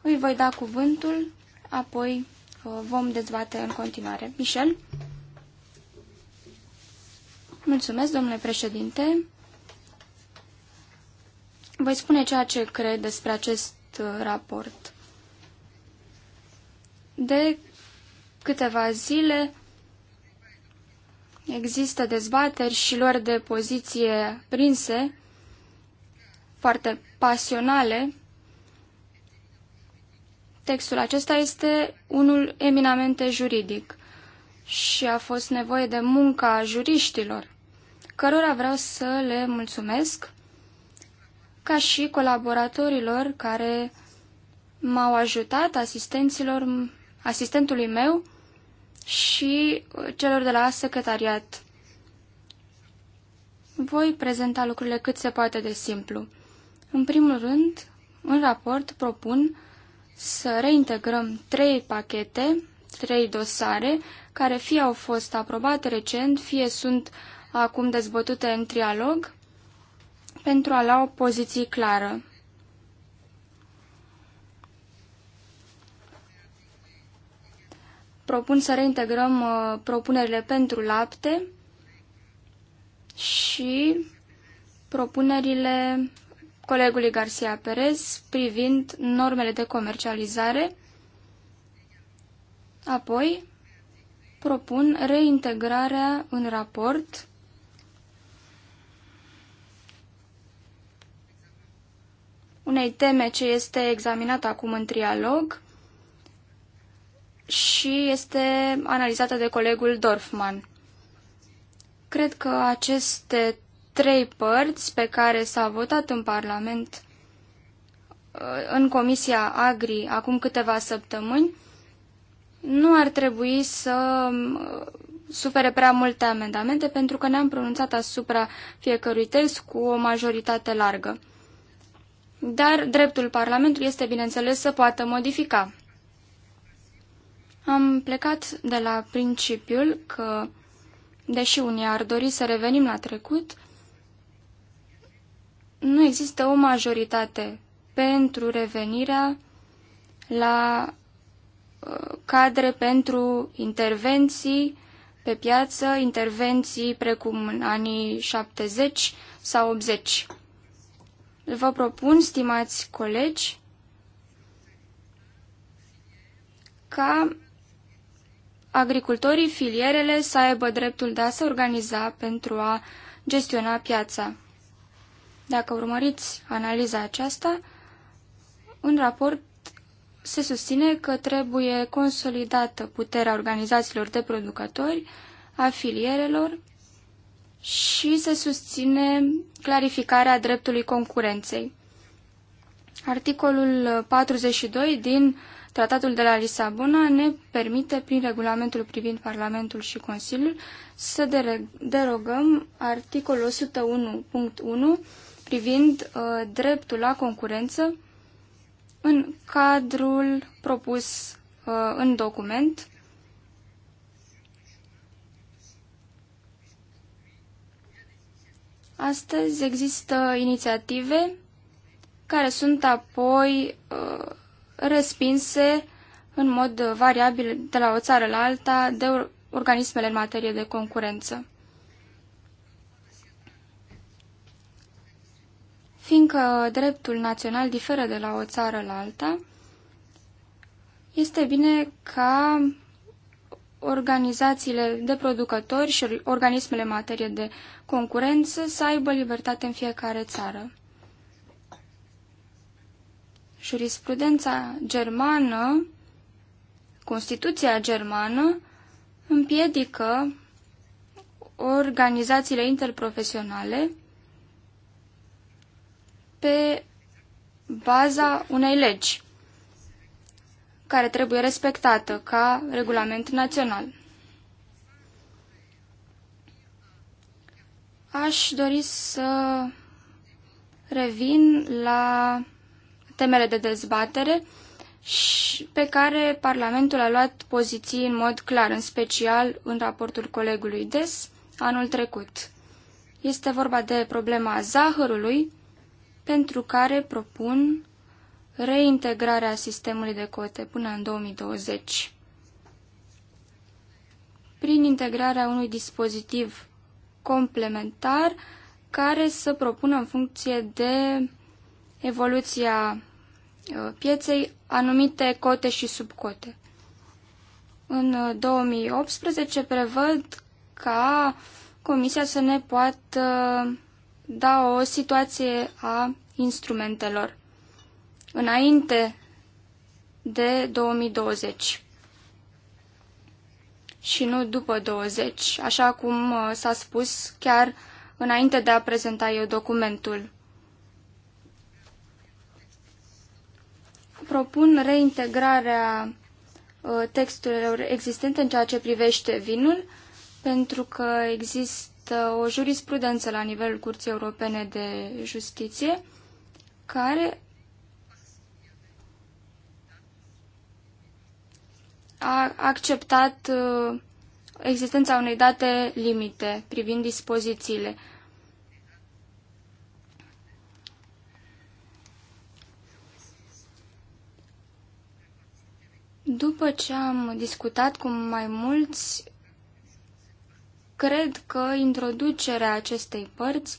Îi voi da cuvântul, apoi uh, vom dezbate în continuare. Michel? Mulțumesc, domnule președinte. Voi spune ceea ce cred despre acest uh, raport. De câteva zile Există dezbateri și lor de poziție prinse, foarte pasionale. Textul acesta este unul eminamente juridic și a fost nevoie de munca juriștilor, cărora vreau să le mulțumesc, ca și colaboratorilor care m-au ajutat, asistenților, asistentului meu, și celor de la secretariat. Voi prezenta lucrurile cât se poate de simplu. În primul rând, în raport propun să reintegrăm trei pachete, trei dosare, care fie au fost aprobate recent, fie sunt acum dezbătute în trialog, pentru a lua o poziție clară. propun să reintegrăm uh, propunerile pentru lapte și propunerile colegului Garcia Perez privind normele de comercializare. Apoi, propun reintegrarea în raport unei teme ce este examinată acum în trialog, și este analizată de colegul Dorfman. Cred că aceste trei părți pe care s-a votat în Parlament, uh, în Comisia Agri, acum câteva săptămâni, nu ar trebui să uh, sufere prea multe amendamente pentru că ne-am pronunțat asupra fiecărui text cu o majoritate largă. Dar dreptul Parlamentului este, bineînțeles, să poată modifica am plecat de la principiul că, deși unii ar dori să revenim la trecut, nu există o majoritate pentru revenirea la uh, cadre pentru intervenții pe piață, intervenții precum în anii 70 sau 80. Vă propun, stimați colegi, ca agricultorii, filierele să aibă dreptul de a se organiza pentru a gestiona piața. Dacă urmăriți analiza aceasta, în raport se susține că trebuie consolidată puterea organizațiilor de producători, a filierelor și se susține clarificarea dreptului concurenței. Articolul 42 din Tratatul de la Lisabona ne permite, prin regulamentul privind Parlamentul și Consiliul, să derogăm articolul 101.1 privind uh, dreptul la concurență în cadrul propus uh, în document. Astăzi există inițiative care sunt apoi uh, respinse în mod variabil de la o țară la alta de organismele în materie de concurență. Fiindcă dreptul național diferă de la o țară la alta, este bine ca organizațiile de producători și organismele în materie de concurență să aibă libertate în fiecare țară. Jurisprudența germană, Constituția germană, împiedică organizațiile interprofesionale pe baza unei legi care trebuie respectată ca regulament național. Aș dori să revin la temele de dezbatere și pe care Parlamentul a luat poziții în mod clar, în special în raportul colegului Des anul trecut. Este vorba de problema zahărului, pentru care propun reintegrarea sistemului de cote până în 2020. Prin integrarea unui dispozitiv complementar care să propună în funcție de evoluția Uh, pieței anumite cote și subcote. În 2018 uh, prevăd ca Comisia să ne poată uh, da o situație a instrumentelor înainte de 2020 și nu după 20, așa cum s-a spus chiar înainte de a prezenta eu documentul. propun reintegrarea uh, texturilor existente în ceea ce privește vinul, pentru că există o jurisprudență la nivelul Curții Europene de Justiție care a acceptat uh, existența unei date limite privind dispozițiile. După ce am discutat cu mai mulți, cred că introducerea acestei părți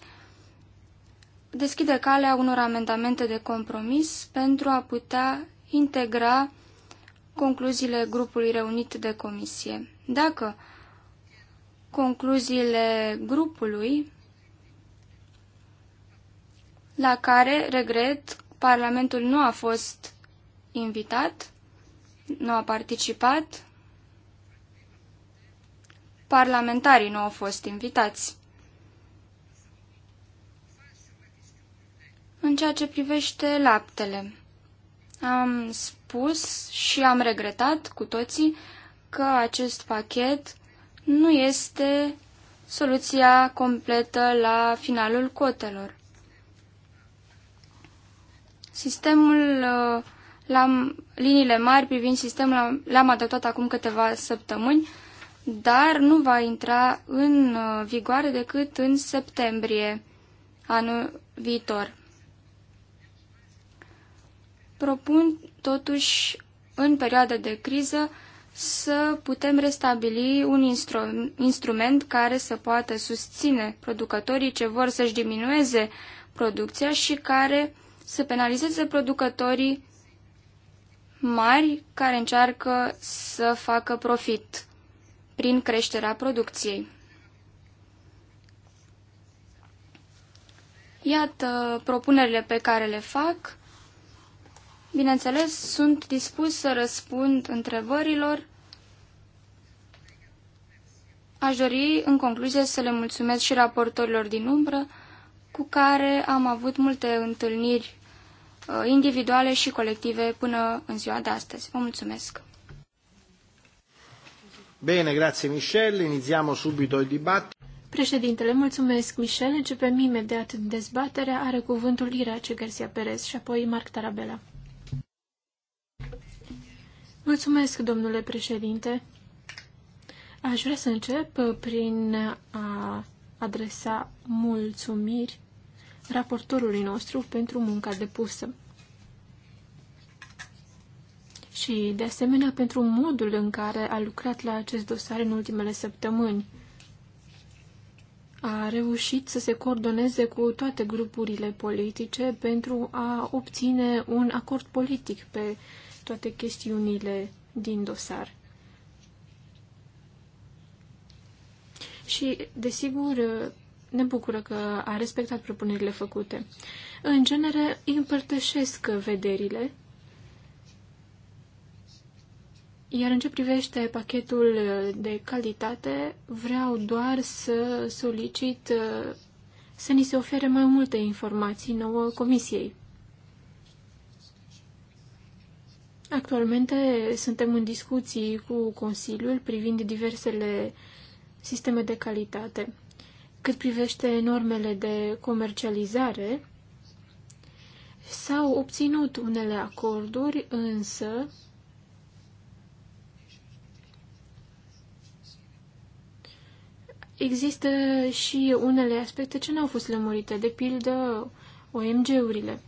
deschide calea unor amendamente de compromis pentru a putea integra concluziile grupului reunit de comisie. Dacă concluziile grupului la care, regret, Parlamentul nu a fost invitat, nu a participat, parlamentarii nu au fost invitați. În ceea ce privește laptele, am spus și am regretat cu toții că acest pachet nu este soluția completă la finalul cotelor. Sistemul uh, la liniile mari privind sistemul le-am adoptat acum câteva săptămâni, dar nu va intra în uh, vigoare decât în septembrie anul viitor. Propun totuși în perioada de criză să putem restabili un instru instrument care să poată susține producătorii ce vor să-și diminueze producția și care să penalizeze producătorii mari care încearcă să facă profit prin creșterea producției. Iată propunerile pe care le fac. Bineînțeles, sunt dispus să răspund întrebărilor. Aș dori, în concluzie, să le mulțumesc și raportorilor din umbră, cu care am avut multe întâlniri Uh, individuale și colective până în ziua de astăzi. Vă mulțumesc! Bine, grazie Michel. Iniziamo subito il dibattito. Președintele, mulțumesc, Michel. Începem imediat dezbaterea. Are cuvântul Irace Garcia Perez și apoi Marc Tarabella. Mulțumesc, domnule președinte. Aș vrea să încep prin a adresa mulțumiri raportorului nostru pentru munca depusă. Și, de asemenea, pentru modul în care a lucrat la acest dosar în ultimele săptămâni. A reușit să se coordoneze cu toate grupurile politice pentru a obține un acord politic pe toate chestiunile din dosar. Și, desigur, ne bucură că a respectat propunerile făcute. În genere, împărtășesc vederile, iar în ce privește pachetul de calitate, vreau doar să solicit uh, să ni se ofere mai multe informații nouă comisiei. Actualmente suntem în discuții cu Consiliul privind diversele sisteme de calitate. Cât privește normele de comercializare, s-au obținut unele acorduri, însă există și unele aspecte ce nu au fost lămurite, de pildă OMG-urile.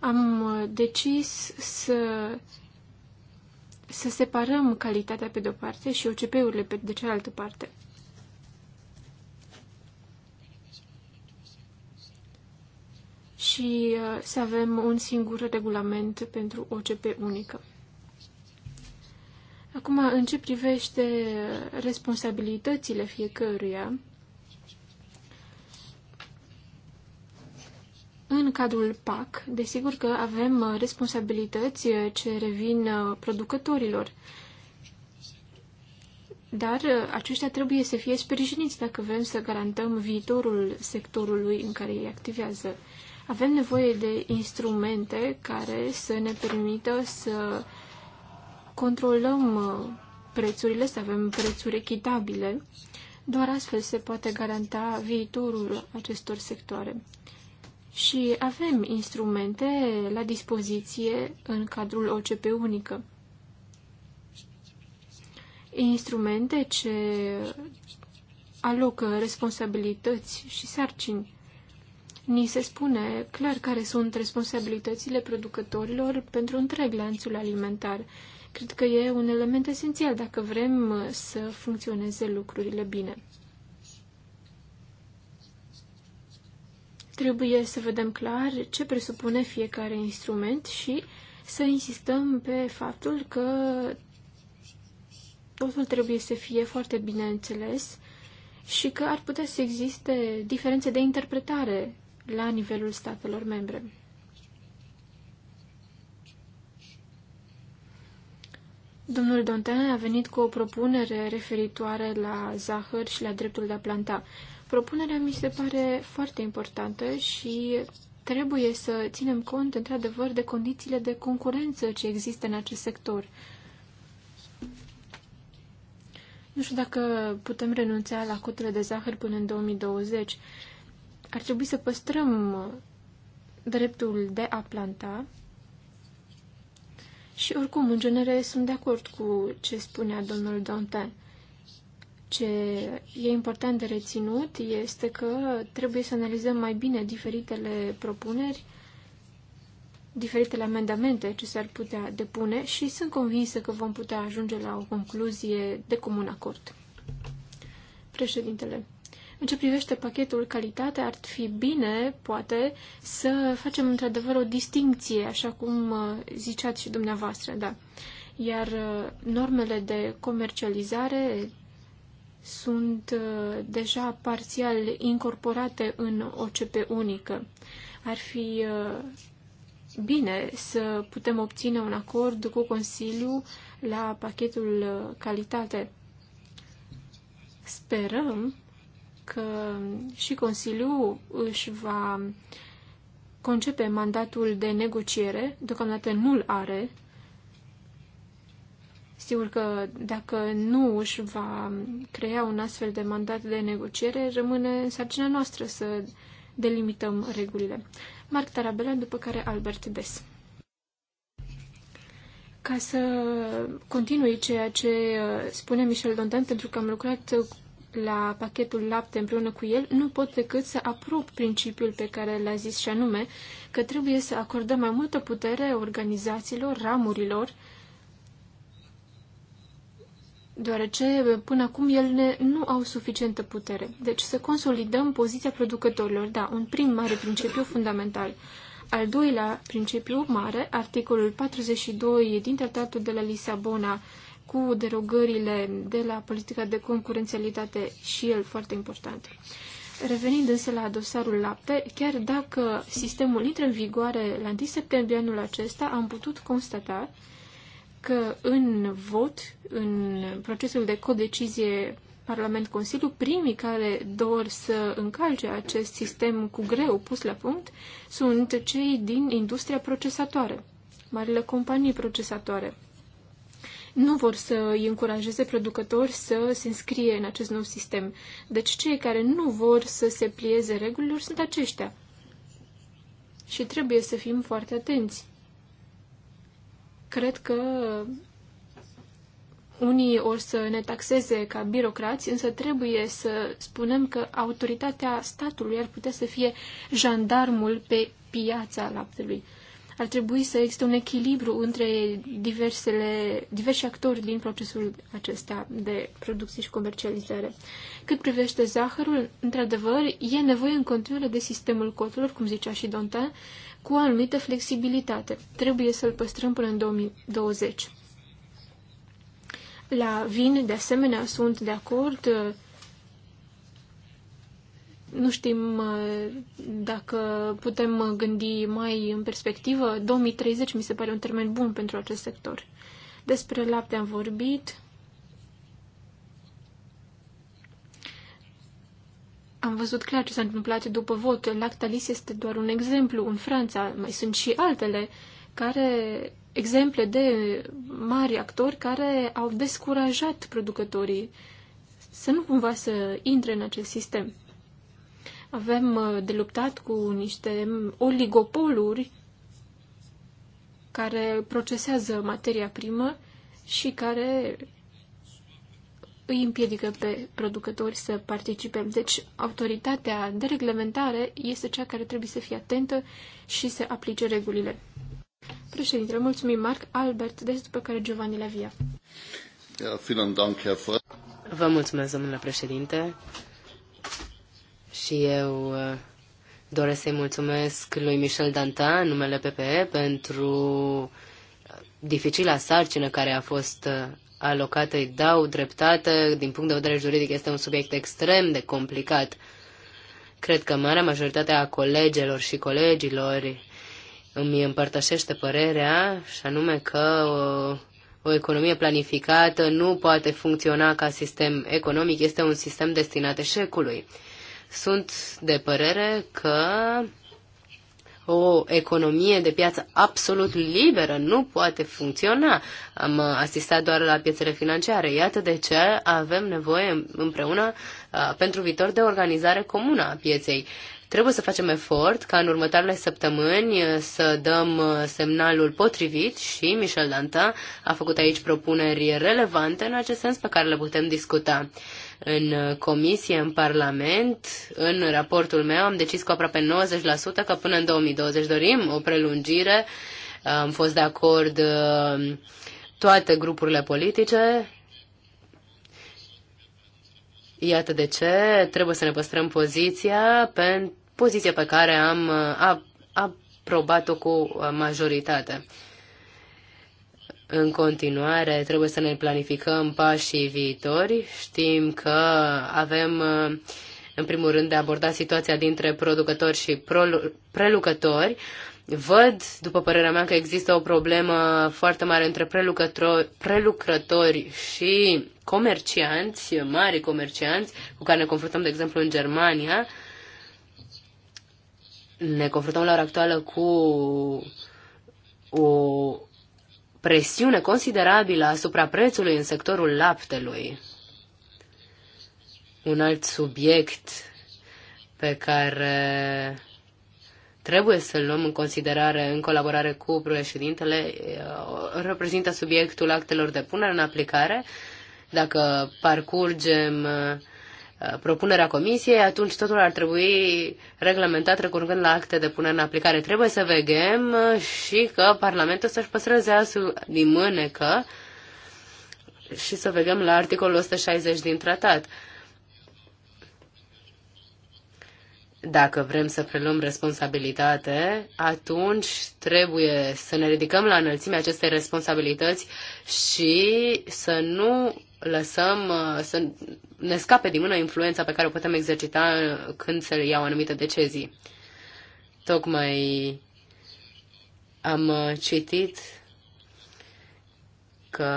Am decis să să separăm calitatea pe de-o parte și OCP-urile pe de cealaltă parte. Și uh, să avem un singur regulament pentru OCP unică. Acum, în ce privește responsabilitățile fiecăruia, În cadrul PAC, desigur că avem uh, responsabilități uh, ce revin uh, producătorilor, dar aceștia trebuie să fie sprijiniți dacă vrem să garantăm viitorul sectorului în care ei activează. Avem nevoie de instrumente care să ne permită să controlăm prețurile, să avem prețuri echitabile. Doar astfel se poate garanta viitorul acestor sectoare și avem instrumente la dispoziție în cadrul OCP unică. Instrumente ce alocă responsabilități și sarcini. Ni se spune clar care sunt responsabilitățile producătorilor pentru întreg lanțul alimentar. Cred că e un element esențial dacă vrem să funcționeze lucrurile bine. Trebuie să vedem clar ce presupune fiecare instrument și să insistăm pe faptul că totul trebuie să fie foarte bine înțeles și că ar putea să existe diferențe de interpretare la nivelul statelor membre. Domnul Dontan a venit cu o propunere referitoare la zahăr și la dreptul de a planta. Propunerea mi se pare foarte importantă și trebuie să ținem cont, într-adevăr, de condițiile de concurență ce există în acest sector. Nu știu dacă putem renunța la cotele de zahăr până în 2020. Ar trebui să păstrăm dreptul de a planta și oricum, în genere, sunt de acord cu ce spunea domnul Dantin. Ce e important de reținut este că trebuie să analizăm mai bine diferitele propuneri, diferitele amendamente ce s-ar putea depune și sunt convinsă că vom putea ajunge la o concluzie de comun acord. Președintele, în ce privește pachetul calitate, ar fi bine, poate, să facem într-adevăr o distinție, așa cum uh, ziceați și dumneavoastră, da. Iar uh, normele de comercializare sunt uh, deja parțial incorporate în OCP unică. Ar fi uh, bine să putem obține un acord cu Consiliul la pachetul uh, calitate. Sperăm că și Consiliul își va concepe mandatul de negociere, deocamdată nu-l are, Sigur că dacă nu își va crea un astfel de mandat de negociere, rămâne sarcina noastră să delimităm regulile. Marc Tarabella, după care Albert Des. Ca să continui ceea ce uh, spune Michel Dondan, pentru că am lucrat la pachetul lapte împreună cu el, nu pot decât să aprob principiul pe care l-a zis și anume că trebuie să acordăm mai multă putere organizațiilor, ramurilor, deoarece până acum ele nu au suficientă putere. Deci să consolidăm poziția producătorilor, da, un prim mare principiu fundamental. Al doilea principiu mare, articolul 42 din Tratatul de la Lisabona, cu derogările de la politica de concurențialitate și el foarte important. Revenind însă la dosarul lapte, chiar dacă sistemul intră în vigoare la 1 septembrie anul acesta, am putut constata că în vot, în procesul de codecizie Parlament-Consiliu, primii care dor să încalce acest sistem cu greu pus la punct sunt cei din industria procesatoare, marile companii procesatoare. Nu vor să îi încurajeze producători să se înscrie în acest nou sistem. Deci cei care nu vor să se plieze regulilor sunt aceștia. Și trebuie să fim foarte atenți Cred că unii o să ne taxeze ca birocrați, însă trebuie să spunem că autoritatea statului ar putea să fie jandarmul pe piața laptelui. Ar trebui să existe un echilibru între diversele, diversi actori din procesul acesta de producție și comercializare. Cât privește zahărul, într-adevăr, e nevoie în continuare de sistemul cotelor, cum zicea și Donta, cu o anumită flexibilitate. Trebuie să-l păstrăm până în 2020. La vin, de asemenea, sunt de acord. Nu știm uh, dacă putem gândi mai în perspectivă. 2030 mi se pare un termen bun pentru acest sector. Despre lapte am vorbit. Am văzut clar ce s-a întâmplat după vot. Lactalis este doar un exemplu în Franța. Mai sunt și altele care exemple de mari actori care au descurajat producătorii să nu cumva să intre în acest sistem. Avem uh, de luptat cu niște oligopoluri care procesează materia primă și care îi împiedică pe producători să participe. Deci, autoritatea de reglementare este cea care trebuie să fie atentă și să aplice regulile. Președinte, mulțumim, Marc Albert, deci după care Giovanni Lavia. Vă mulțumesc, domnule președinte. Și eu uh, doresc să-i mulțumesc lui Michel Dantin, numele PPE, pentru uh, dificila sarcină care a fost uh, alocată îi dau dreptate, din punct de vedere juridic este un subiect extrem de complicat. Cred că marea majoritate a colegelor și colegilor îmi împărtășește părerea și anume că o, o economie planificată nu poate funcționa ca sistem economic, este un sistem destinat eșecului. Sunt de părere că o economie de piață absolut liberă nu poate funcționa. Am asistat doar la piețele financiare. Iată de ce avem nevoie împreună uh, pentru viitor de organizare comună a pieței. Trebuie să facem efort ca în următoarele săptămâni uh, să dăm uh, semnalul potrivit și Michel Danta a făcut aici propuneri relevante în acest sens pe care le putem discuta în uh, comisie, în Parlament, în raportul meu am decis cu aproape 90% că până în 2020 dorim o prelungire. Am fost de acord toate grupurile politice, Iată de ce trebuie să ne păstrăm poziția, pe, poziția pe care am uh, aprobat-o cu uh, majoritate. În continuare, trebuie să ne planificăm pașii viitori. Știm că avem, uh, în primul rând, de abordat situația dintre producători și prelucători. Văd, după părerea mea, că există o problemă foarte mare între prelucrători și comercianți, mari comercianți, cu care ne confruntăm, de exemplu, în Germania. Ne confruntăm la ora actuală cu o presiune considerabilă asupra prețului în sectorul laptelui. Un alt subiect pe care trebuie să luăm în considerare în colaborare cu președintele uh, reprezintă subiectul actelor de punere în aplicare. Dacă parcurgem uh, propunerea comisiei, atunci totul ar trebui reglementat recurgând la acte de punere în aplicare. Trebuie să vegem uh, și că Parlamentul să-și păstreze asul din mânecă și să vegem la articolul 160 din tratat. dacă vrem să preluăm responsabilitate, atunci trebuie să ne ridicăm la înălțimea acestei responsabilități și să nu lăsăm, uh, să ne scape din mână influența pe care o putem exercita uh, când se iau anumite decizii. Tocmai am uh, citit că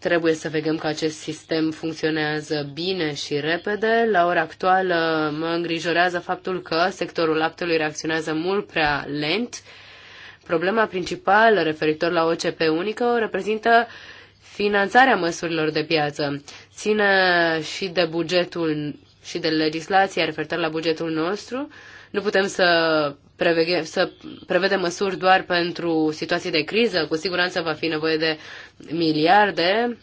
Trebuie să vedem că acest sistem funcționează bine și repede. La ora actuală mă îngrijorează faptul că sectorul laptelui reacționează mult prea lent. Problema principală referitor la OCP unică o reprezintă finanțarea măsurilor de piață. Ține și de bugetul și de legislația referitor la bugetul nostru. Nu putem să să prevede măsuri doar pentru situații de criză, cu siguranță va fi nevoie de miliarde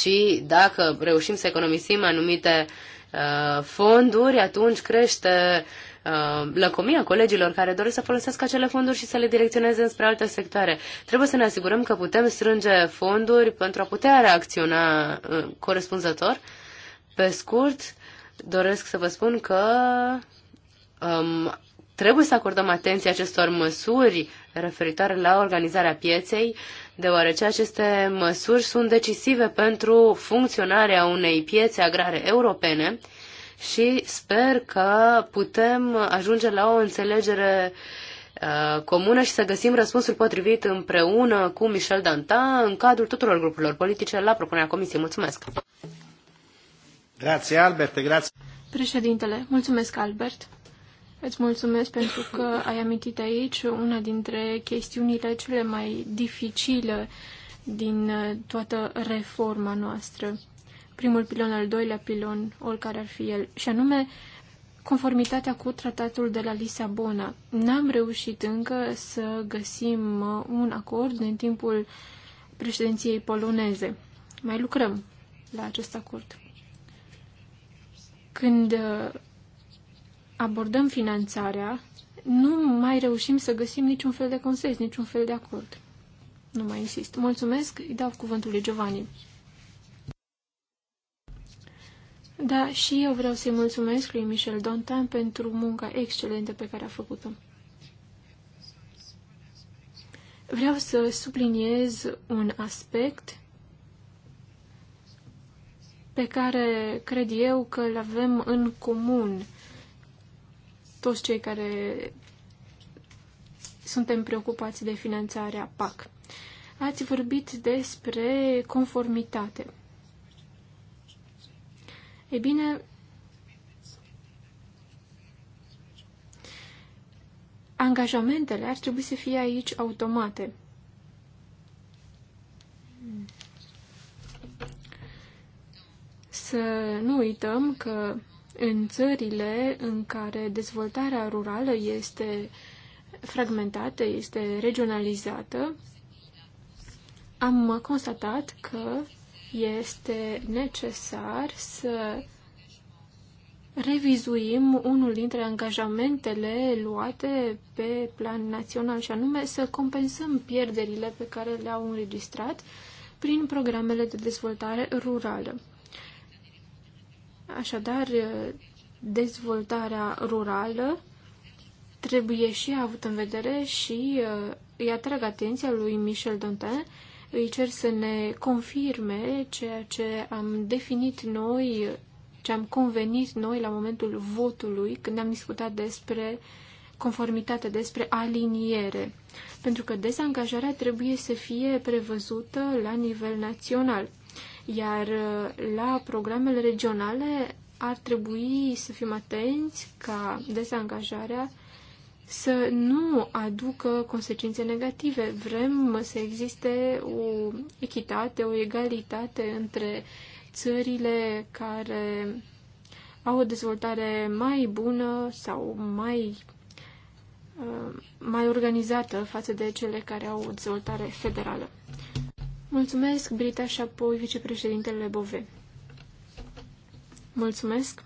și dacă reușim să economisim anumite uh, fonduri, atunci crește uh, lăcomia colegilor care doresc să folosească acele fonduri și să le direcționeze spre alte sectoare. Trebuie să ne asigurăm că putem strânge fonduri pentru a putea reacționa uh, corespunzător. Pe scurt, doresc să vă spun că um, Trebuie să acordăm atenție acestor măsuri referitoare la organizarea pieței, deoarece aceste măsuri sunt decisive pentru funcționarea unei piețe agrare europene și sper că putem ajunge la o înțelegere uh, comună și să găsim răspunsul potrivit împreună cu Michel Danta în cadrul tuturor grupurilor politice la propunerea Comisiei. Mulțumesc! Grazie, Albert, grazie. Președintele, mulțumesc, Albert. Îți mulțumesc pentru că ai amintit aici una dintre chestiunile cele mai dificile din uh, toată reforma noastră. Primul pilon, al doilea pilon, oricare ar fi el, și anume conformitatea cu tratatul de la Lisabona. N-am reușit încă să găsim uh, un acord în timpul președinției poloneze. Mai lucrăm la acest acord. Când uh, abordăm finanțarea, nu mai reușim să găsim niciun fel de consens, niciun fel de acord. Nu mai insist. Mulțumesc, îi dau cuvântul lui Giovanni. Da, și eu vreau să-i mulțumesc lui Michel Dontan pentru munca excelentă pe care a făcut-o. Vreau să subliniez un aspect pe care cred eu că îl avem în comun toți cei care suntem preocupați de finanțarea PAC. Ați vorbit despre conformitate. E bine, angajamentele ar trebui să fie aici automate. Să nu uităm că în țările în care dezvoltarea rurală este fragmentată, este regionalizată, am constatat că este necesar să revizuim unul dintre angajamentele luate pe plan național și anume să compensăm pierderile pe care le-au înregistrat prin programele de dezvoltare rurală. Așadar, dezvoltarea rurală trebuie și avut în vedere și îi atrag atenția lui Michel Dantin, îi cer să ne confirme ceea ce am definit noi, ce am convenit noi la momentul votului, când am discutat despre conformitate, despre aliniere. Pentru că dezangajarea trebuie să fie prevăzută la nivel național. Iar uh, la programele regionale ar trebui să fim atenți ca dezangajarea să nu aducă consecințe negative. Vrem să existe o echitate, o egalitate între țările care au o dezvoltare mai bună sau mai uh, mai organizată față de cele care au o dezvoltare federală. Mulțumesc, Brita, și apoi vicepreședintele Bove. Mulțumesc.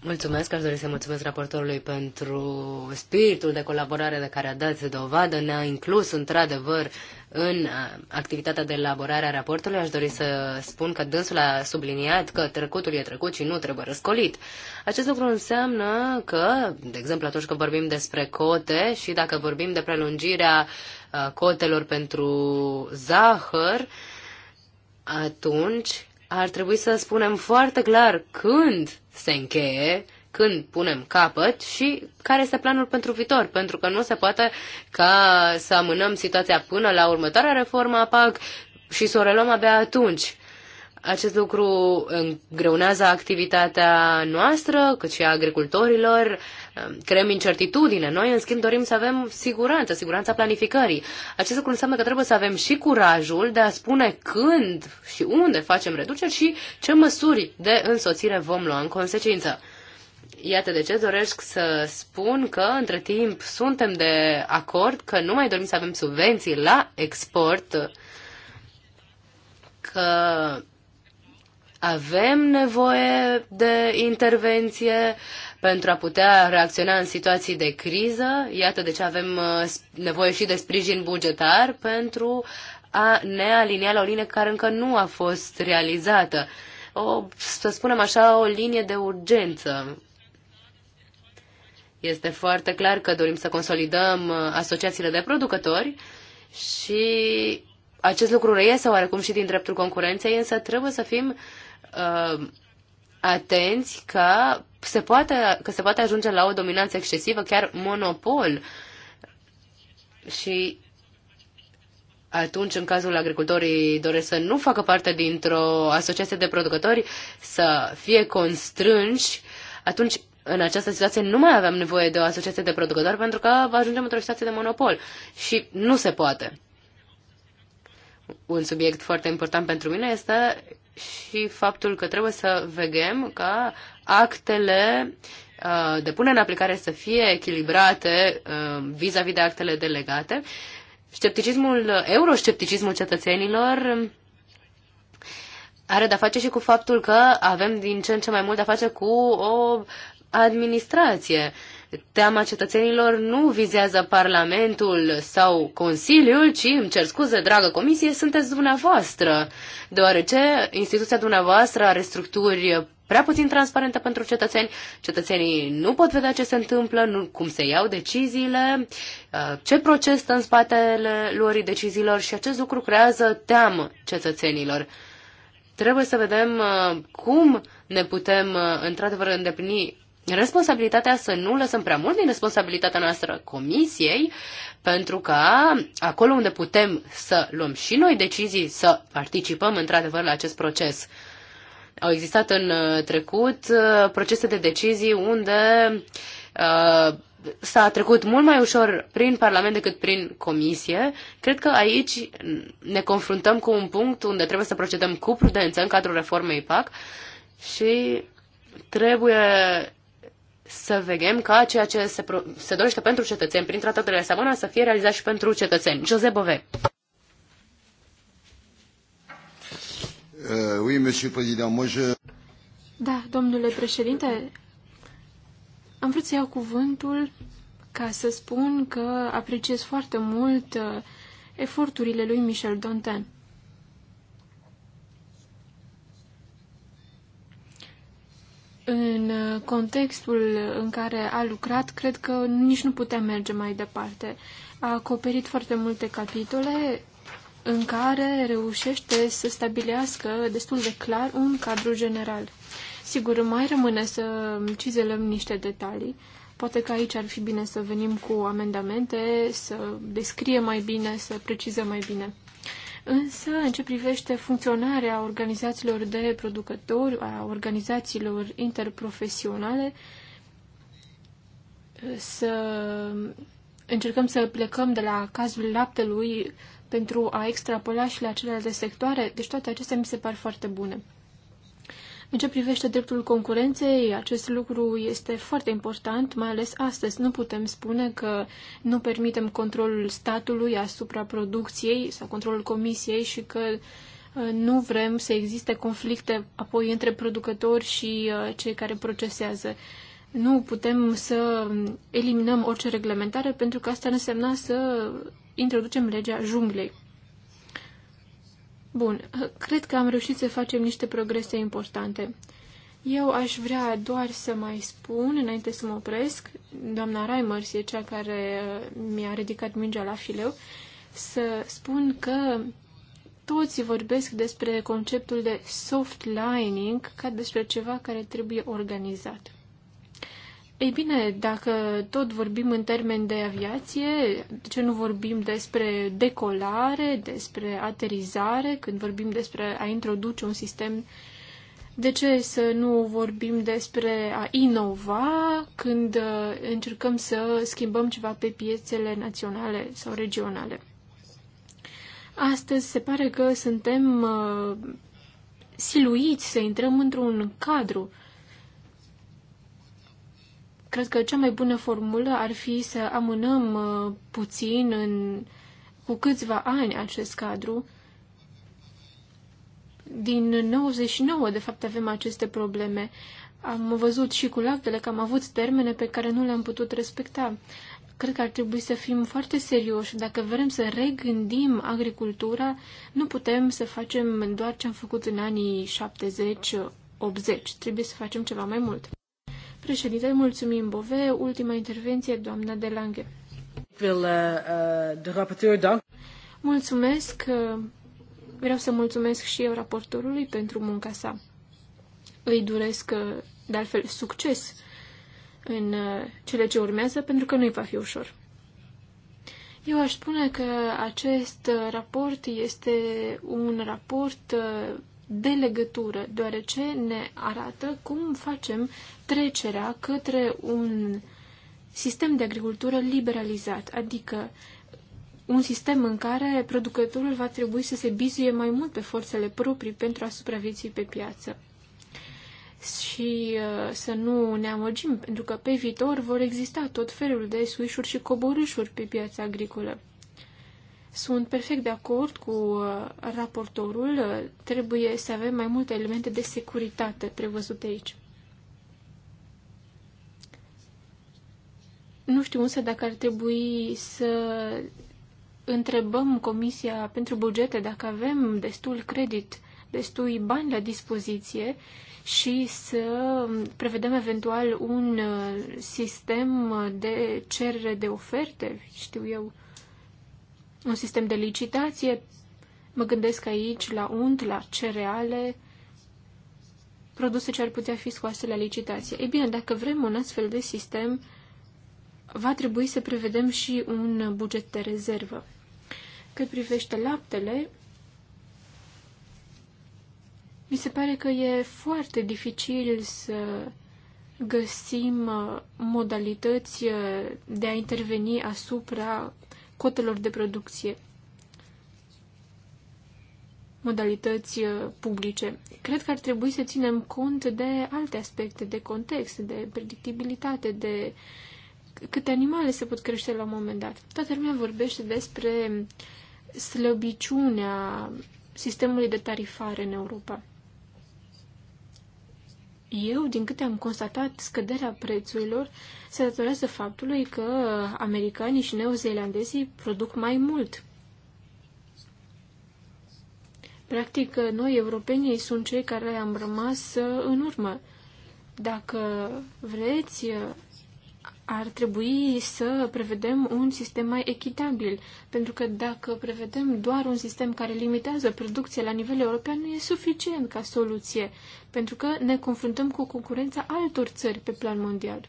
Mulțumesc, aș dori să mulțumesc raportorului pentru spiritul de colaborare de care a dat dovadă. Ne-a inclus, într-adevăr, în uh, activitatea de elaborare a raportului, aș dori să spun că dânsul a subliniat că trecutul e trecut și nu trebuie răscolit. Acest lucru înseamnă că, de exemplu, atunci când vorbim despre cote și dacă vorbim de prelungirea uh, cotelor pentru zahăr, atunci ar trebui să spunem foarte clar când se încheie când punem capăt și care este planul pentru viitor, pentru că nu se poate ca să amânăm situația până la următoarea reformă a PAC și să o reluăm abia atunci. Acest lucru îngreunează activitatea noastră, cât și a agricultorilor, creăm incertitudine. Noi, în schimb, dorim să avem siguranță, siguranța planificării. Acest lucru înseamnă că trebuie să avem și curajul de a spune când și unde facem reduceri și ce măsuri de însoțire vom lua în consecință. Iată de ce doresc să spun că, între timp, suntem de acord că nu mai dorim să avem subvenții la export, că avem nevoie de intervenție pentru a putea reacționa în situații de criză. Iată de ce avem uh, nevoie și de sprijin bugetar pentru a ne alinia la o linie care încă nu a fost realizată. O, să spunem așa, o linie de urgență este foarte clar că dorim să consolidăm uh, asociațiile de producători și acest lucru reiese oarecum și din dreptul concurenței, însă trebuie să fim uh, atenți că se, poate, că se poate ajunge la o dominanță excesivă, chiar monopol. Și atunci, în cazul agricultorii doresc să nu facă parte dintr-o asociație de producători, să fie constrânși, atunci în această situație nu mai avem nevoie de o asociație de producători pentru că ajungem într-o situație de monopol și nu se poate. Un subiect foarte important pentru mine este și faptul că trebuie să vegem ca actele uh, de pune în aplicare să fie echilibrate uh, vis-a-vis -vis de actele delegate. Scepticismul, euroscepticismul cetățenilor are de-a face și cu faptul că avem din ce în ce mai mult de-a face cu o administrație. Teama cetățenilor nu vizează Parlamentul sau Consiliul, ci, îmi cer scuze, dragă comisie, sunteți dumneavoastră, deoarece instituția dumneavoastră are structuri prea puțin transparentă pentru cetățeni, cetățenii nu pot vedea ce se întâmplă, nu, cum se iau deciziile, uh, ce proces stă în spatele luării deciziilor și acest lucru creează teamă cetățenilor. Trebuie să vedem uh, cum ne putem, uh, într-adevăr, îndeplini responsabilitatea să nu lăsăm prea mult din responsabilitatea noastră comisiei, pentru că acolo unde putem să luăm și noi decizii, să participăm într-adevăr la acest proces. Au existat în uh, trecut uh, procese de decizii unde uh, s-a trecut mult mai ușor prin Parlament decât prin Comisie. Cred că aici ne confruntăm cu un punct unde trebuie să procedăm cu prudență în cadrul reformei PAC și trebuie să vedem ca ceea ce se, se dorește pentru cetățeni prin tratatele de Savona să fie realizat și pentru cetățeni. Jose Bove. Uh, oui, monsieur président, moi je... Da, domnule președinte, am vrut să iau cuvântul ca să spun că apreciez foarte mult uh, eforturile lui Michel Dantin. În uh, contextul în care a lucrat, cred că nici nu putea merge mai departe. A acoperit foarte multe capitole în care reușește să stabilească destul de clar un cadru general. Sigur, mai rămâne să cizelăm niște detalii. Poate că aici ar fi bine să venim cu amendamente, să descrie mai bine, să precizăm mai bine. Însă, în ce privește funcționarea organizațiilor de producători, a organizațiilor interprofesionale, să încercăm să plecăm de la cazul laptelui pentru a extrapola și la celelalte sectoare, deci toate acestea mi se par foarte bune. În ce privește dreptul concurenței, acest lucru este foarte important, mai ales astăzi. Nu putem spune că nu permitem controlul statului asupra producției sau controlul comisiei și că uh, nu vrem să existe conflicte apoi între producători și uh, cei care procesează. Nu putem să eliminăm orice reglementare pentru că asta însemna să introducem legea junglei. Bun, cred că am reușit să facem niște progrese importante. Eu aș vrea doar să mai spun, înainte să mă opresc, doamna Reimers e cea care uh, mi-a ridicat mingea la fileu, să spun că toți vorbesc despre conceptul de soft lining ca despre ceva care trebuie organizat. Ei bine, dacă tot vorbim în termeni de aviație, de ce nu vorbim despre decolare, despre aterizare, când vorbim despre a introduce un sistem, de ce să nu vorbim despre a inova când uh, încercăm să schimbăm ceva pe piețele naționale sau regionale? Astăzi se pare că suntem uh, siluiți să intrăm într-un cadru Cred că cea mai bună formulă ar fi să amânăm uh, puțin, în, cu câțiva ani, acest cadru. Din 99, de fapt, avem aceste probleme. Am văzut și cu laptele că am avut termene pe care nu le-am putut respecta. Cred că ar trebui să fim foarte serioși. Dacă vrem să regândim agricultura, nu putem să facem doar ce am făcut în anii 70-80. Trebuie să facem ceva mai mult. Președinte, mulțumim, Bove. Ultima intervenție, doamna de Lange. Eh, eh, mulțumesc. Eh, vreau să mulțumesc și eu raportorului pentru munca sa. Îi doresc, de altfel, succes în cele ce urmează, pentru că nu-i va fi ușor. Eu aș spune că acest raport este un raport de legătură, deoarece ne arată cum facem trecerea către un sistem de agricultură liberalizat, adică un sistem în care producătorul va trebui să se bizuie mai mult pe forțele proprii pentru a supraviețui pe piață. Și uh, să nu ne amăgim, pentru că pe viitor vor exista tot felul de suișuri și coborâșuri pe piața agricolă. Sunt perfect de acord cu uh, raportorul. Uh, trebuie să avem mai multe elemente de securitate prevăzute aici. Nu știu însă dacă ar trebui să întrebăm Comisia pentru bugete dacă avem destul credit, destui bani la dispoziție și să prevedem eventual un uh, sistem de cerere de oferte, știu eu, un sistem de licitație. Mă gândesc aici la unt, la cereale, produse ce ar putea fi scoase la licitație. Ei bine, dacă vrem un astfel de sistem, va trebui să prevedem și un buget de rezervă. Cât privește laptele, mi se pare că e foarte dificil să găsim modalități de a interveni asupra cotelor de producție, modalități uh, publice. Cred că ar trebui să ținem cont de alte aspecte, de context, de predictibilitate, de câte animale se pot crește la un moment dat. Toată lumea vorbește despre slăbiciunea sistemului de tarifare în Europa. Eu, din câte am constatat, scăderea prețurilor se datorează faptului că americanii și neozeelandezii produc mai mult. Practic, noi, europenii, sunt cei care am rămas în urmă. Dacă vreți, ar trebui să prevedem un sistem mai echitabil, pentru că dacă prevedem doar un sistem care limitează producția la nivel european, nu e suficient ca soluție, pentru că ne confruntăm cu concurența altor țări pe plan mondial.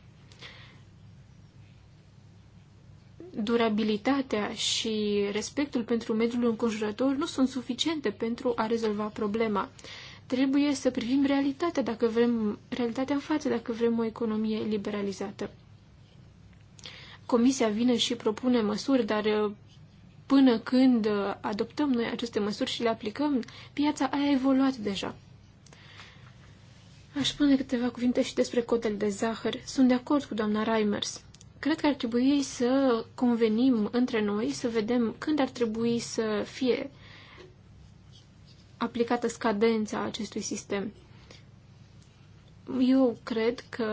Durabilitatea și respectul pentru mediul înconjurător nu sunt suficiente pentru a rezolva problema. Trebuie să privim realitatea dacă vrem realitatea în față, dacă vrem o economie liberalizată. Comisia vine și propune măsuri, dar uh, până când uh, adoptăm noi aceste măsuri și le aplicăm, piața a evoluat deja. Aș spune câteva cuvinte și despre cotele de zahăr. Sunt de acord cu doamna Reimers. Cred că ar trebui să convenim între noi, să vedem când ar trebui să fie aplicată scadența acestui sistem. Eu cred că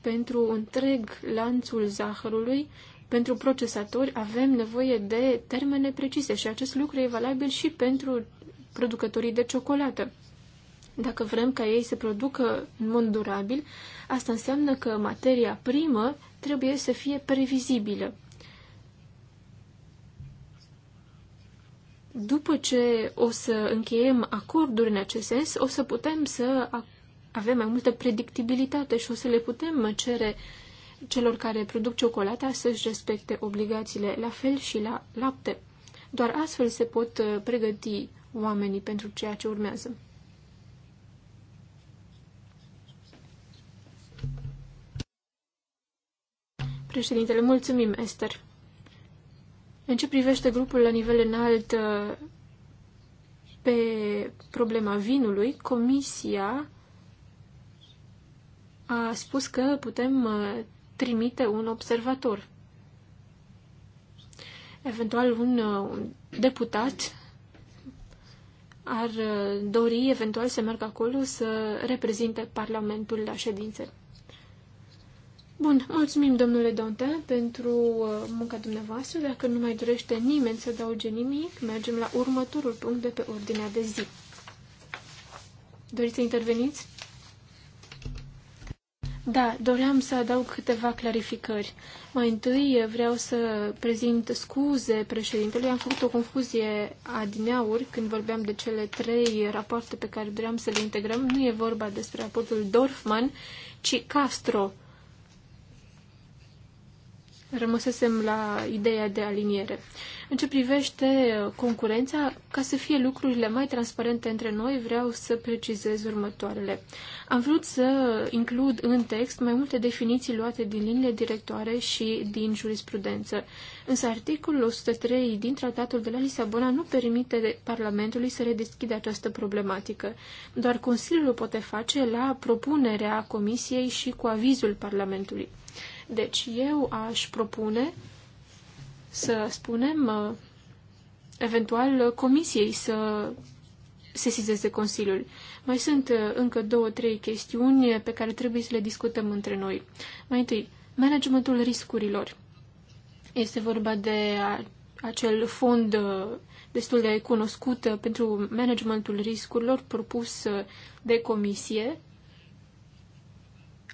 pentru întreg lanțul zahărului, pentru procesatori, avem nevoie de termene precise și acest lucru e valabil și pentru producătorii de ciocolată. Dacă vrem ca ei să producă în mod durabil, asta înseamnă că materia primă trebuie să fie previzibilă. După ce o să încheiem acorduri în acest sens, o să putem să avem mai multă predictibilitate și o să le putem cere celor care produc ciocolata să-și respecte obligațiile, la fel și la lapte. Doar astfel se pot uh, pregăti oamenii pentru ceea ce urmează. Președintele, mulțumim, Esther. În ce privește grupul la nivel înalt uh, pe problema vinului, Comisia a spus că putem uh, trimite un observator. Eventual un, uh, un deputat ar uh, dori eventual să meargă acolo să reprezinte Parlamentul la ședințe. Bun, mulțumim domnule Dante pentru munca dumneavoastră. Dacă nu mai dorește nimeni să adauge nimic, mergem la următorul punct de pe ordinea de zi. Doriți să interveniți? Da, doream să adaug câteva clarificări. Mai întâi vreau să prezint scuze președintelui. Am făcut o confuzie adineauri când vorbeam de cele trei rapoarte pe care doream să le integrăm. Nu e vorba despre raportul Dorfman, ci Castro rămăsesem la ideea de aliniere. În ce privește uh, concurența, ca să fie lucrurile mai transparente între noi, vreau să precizez următoarele. Am vrut să includ în text mai multe definiții luate din liniile directoare și din jurisprudență. Însă articolul 103 din Tratatul de la Lisabona nu permite Parlamentului să redeschide această problematică. Doar Consiliul o poate face la propunerea Comisiei și cu avizul Parlamentului. Deci eu aș propune să spunem uh, eventual uh, comisiei să sesizeze Consiliul. Mai sunt uh, încă două, trei chestiuni pe care trebuie să le discutăm între noi. Mai întâi, managementul riscurilor. Este vorba de acel fond destul de cunoscut pentru managementul riscurilor propus de comisie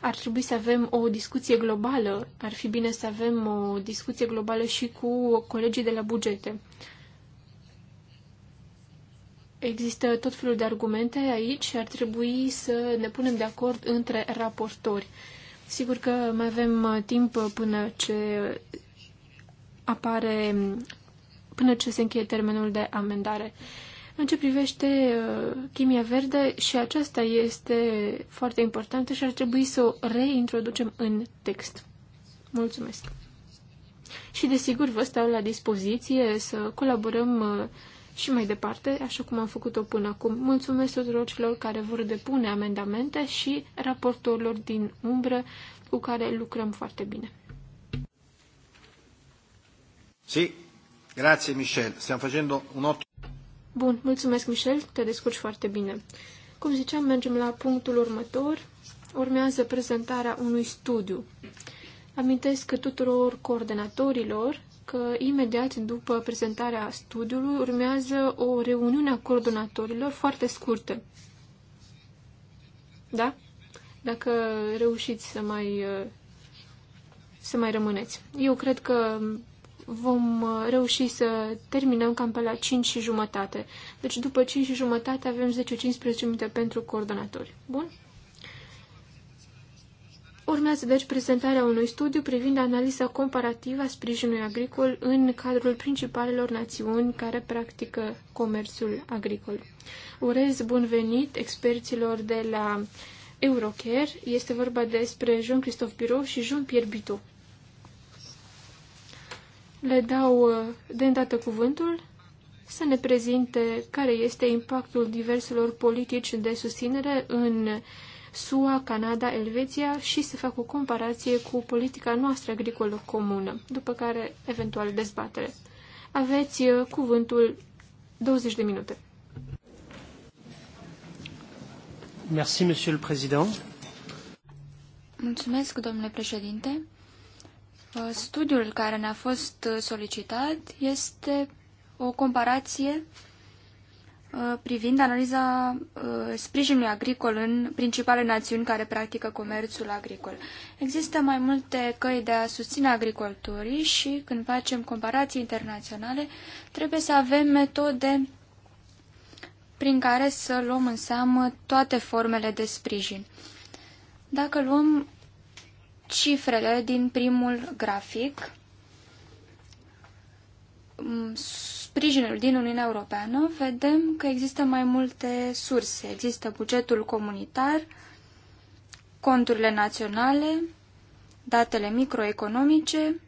ar trebui să avem o discuție globală. Ar fi bine să avem o discuție globală și cu colegii de la bugete. Există tot felul de argumente aici și ar trebui să ne punem de acord între raportori. Sigur că mai avem uh, timp până ce apare, până ce se încheie termenul de amendare. În ce privește uh, chimia verde, și aceasta este foarte importantă și ar trebui să o reintroducem în text. Mulțumesc! Și desigur vă stau la dispoziție să colaborăm uh, și mai departe, așa cum am făcut-o până acum. Mulțumesc tuturor celor care vor depune amendamente și raportorilor din umbră cu care lucrăm foarte bine. Sì, grazie Michel. Stiamo facendo un ottimo Bun, mulțumesc, Michel, te descurci foarte bine. Cum ziceam, mergem la punctul următor. Urmează prezentarea unui studiu. Amintesc tuturor coordonatorilor că imediat după prezentarea studiului urmează o reuniune a coordonatorilor foarte scurtă. Da? Dacă reușiți să mai, să mai rămâneți. Eu cred că vom uh, reuși să terminăm cam pe la 5 și jumătate. Deci după 5 și jumătate avem 10-15 minute pentru coordonatori. Bun? Urmează deci prezentarea unui studiu privind analiza comparativă a sprijinului agricol în cadrul principalelor națiuni care practică comerțul agricol. Urez bun venit experților de la Eurocare. Este vorba despre Jean-Christophe Biro și Jean-Pierre Bitou le dau uh, de îndată cuvântul să ne prezinte care este impactul diverselor politici de susținere în SUA, Canada, Elveția și să fac o comparație cu politica noastră agricolă comună, după care eventual dezbatere. Aveți uh, cuvântul 20 de minute. Merci, Monsieur le Président. Mulțumesc, domnule președinte. Uh, studiul care ne-a fost uh, solicitat este o comparație uh, privind analiza sprijinului agricol în principale națiuni care practică comerțul agricol. Există mai multe căi de a susține agricultorii și când facem comparații internaționale trebuie să avem metode prin care să luăm în seamă toate formele de sprijin. Dacă luăm cifrele din primul grafic, mm, sprijinul din Uniunea Europeană, vedem că există mai multe surse. Există bugetul comunitar, conturile naționale, datele microeconomice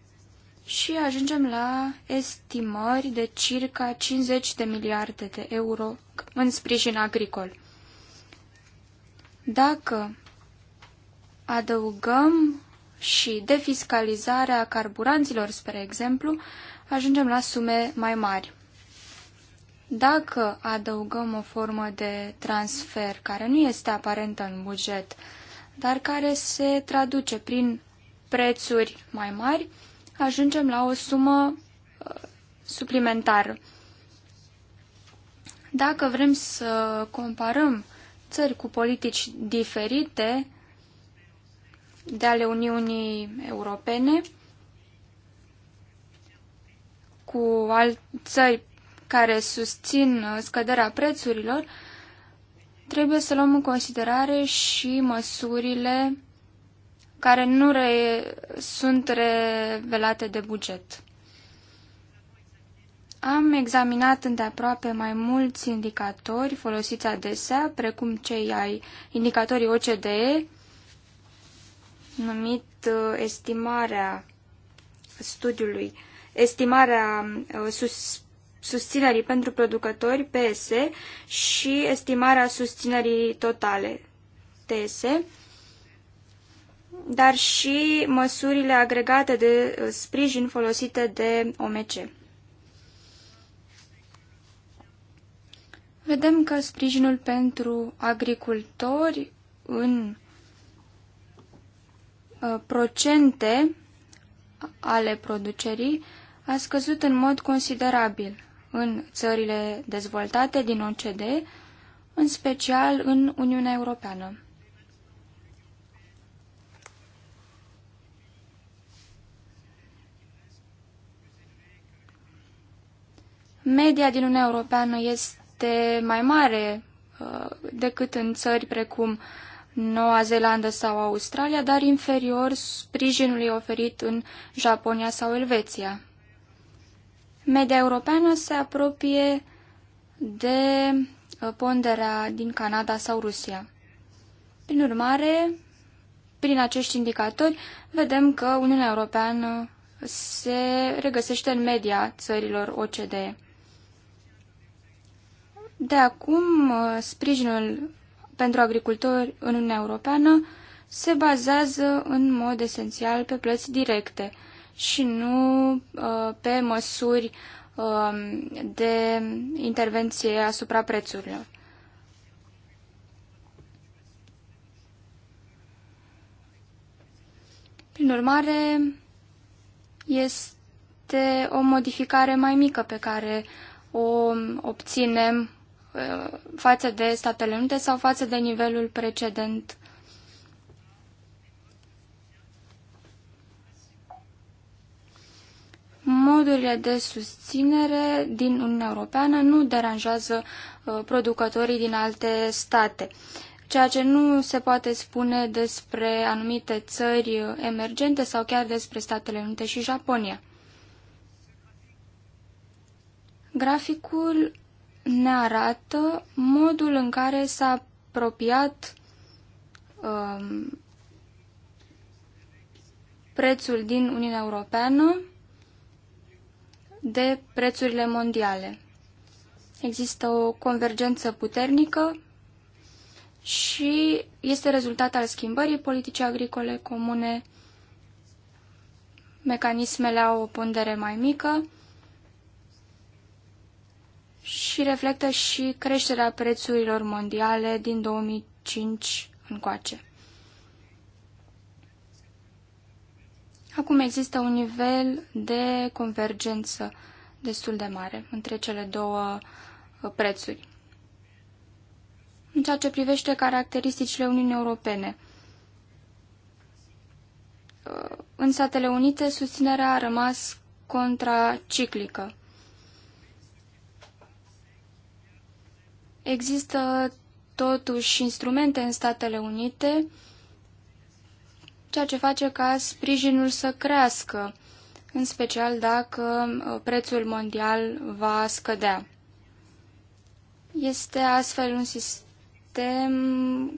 și ajungem la estimări de circa 50 de miliarde de euro în sprijin agricol. Dacă adăugăm și defiscalizarea carburanților, spre exemplu, ajungem la sume mai mari. Dacă adăugăm o formă de transfer care nu este aparentă în buget, dar care se traduce prin prețuri mai mari, ajungem la o sumă uh, suplimentară. Dacă vrem să comparăm țări cu politici diferite, de ale Uniunii Europene cu alt țări care susțin uh, scăderea prețurilor, trebuie să luăm în considerare și măsurile care nu re- sunt revelate de buget. Am examinat îndeaproape mai mulți indicatori folosiți adesea, precum cei ai indicatorii OCDE, numit uh, estimarea studiului, estimarea uh, sus, susținerii pentru producători, PS, și estimarea susținerii totale, TS, dar și măsurile agregate de uh, sprijin folosite de OMC. Vedem că sprijinul pentru agricultori în Uh, procente ale producerii a scăzut în mod considerabil în țările dezvoltate din OCD, în special în Uniunea Europeană. Media din Uniunea Europeană este mai mare uh, decât în țări precum uh, Noua Zeelandă sau Australia, dar inferior sprijinului oferit în Japonia sau Elveția. Media europeană se apropie de uh, ponderea din Canada sau Rusia. Prin urmare, prin acești indicatori, vedem că Uniunea Europeană se regăsește în media țărilor OCDE. De acum, uh, sprijinul pentru agricultori în Uniunea Europeană se bazează în mod esențial pe plăți directe și nu uh, pe măsuri uh, de intervenție asupra prețurilor. Prin urmare, este o modificare mai mică pe care o obținem Uh, față de Statele Unite sau față de nivelul precedent. Modurile de susținere din Uniunea Europeană nu deranjează uh, producătorii din alte state, ceea ce nu se poate spune despre anumite țări emergente sau chiar despre Statele Unite și Japonia. Graficul ne arată modul în care s-a apropiat um, prețul din Uniunea Europeană de prețurile mondiale. Există o convergență puternică și este rezultat al schimbării politicii agricole comune. Mecanismele au o pondere mai mică și reflectă și creșterea prețurilor mondiale din 2005 încoace. Acum există un nivel de convergență destul de mare între cele două uh, prețuri. În ceea ce privește caracteristicile Uniunii Europene, uh, în Statele Unite susținerea a rămas contraciclică. Există totuși instrumente în Statele Unite, ceea ce face ca sprijinul să crească, în special dacă uh, prețul mondial va scădea. Este astfel un sistem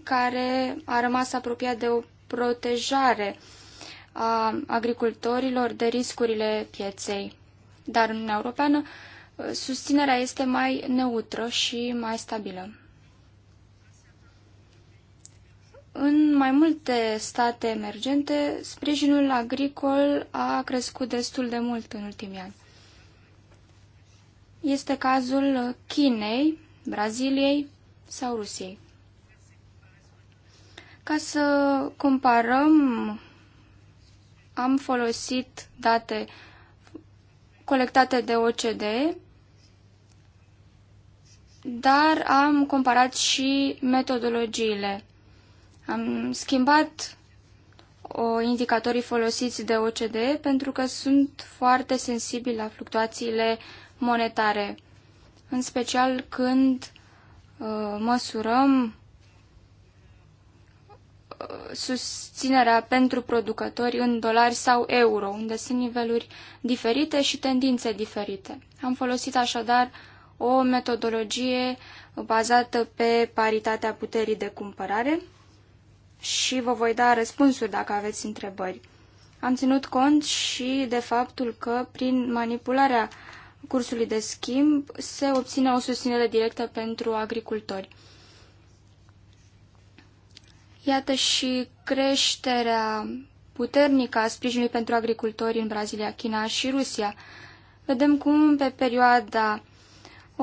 care a rămas apropiat de o protejare a agricultorilor de riscurile pieței. Dar Uniunea Europeană susținerea este mai neutră și mai stabilă. În mai multe state emergente, sprijinul agricol a crescut destul de mult în ultimii ani. Este cazul Chinei, Braziliei sau Rusiei. Ca să comparăm, am folosit date colectate de OCDE dar am comparat și metodologiile. Am schimbat o, indicatorii folosiți de OCDE pentru că sunt foarte sensibili la fluctuațiile monetare, în special când uh, măsurăm ă, susținerea pentru producători în dolari sau euro, unde sunt niveluri diferite și tendințe diferite. Am folosit așadar uh, o metodologie bazată pe paritatea puterii de cumpărare și vă voi da răspunsuri dacă aveți întrebări. Am ținut cont și de faptul că prin manipularea cursului de schimb se obține o susținere directă pentru agricultori. Iată și creșterea puternică a sprijinului pentru agricultori în Brazilia, China și Rusia. Vedem cum pe perioada 1995-1997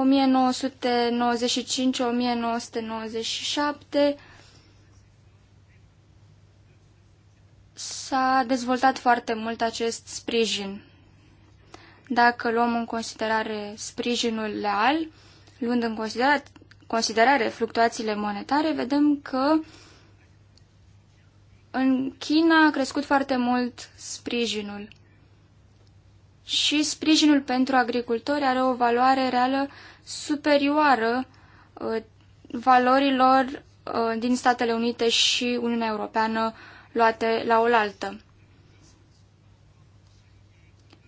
s-a dezvoltat foarte mult acest sprijin. Dacă luăm în considerare sprijinul leal, luând în considerare, considerare fluctuațiile monetare, vedem că în China a crescut foarte mult sprijinul și sprijinul pentru agricultori are o valoare reală superioară uh, valorilor uh, din Statele Unite și Uniunea Europeană luate la oaltă.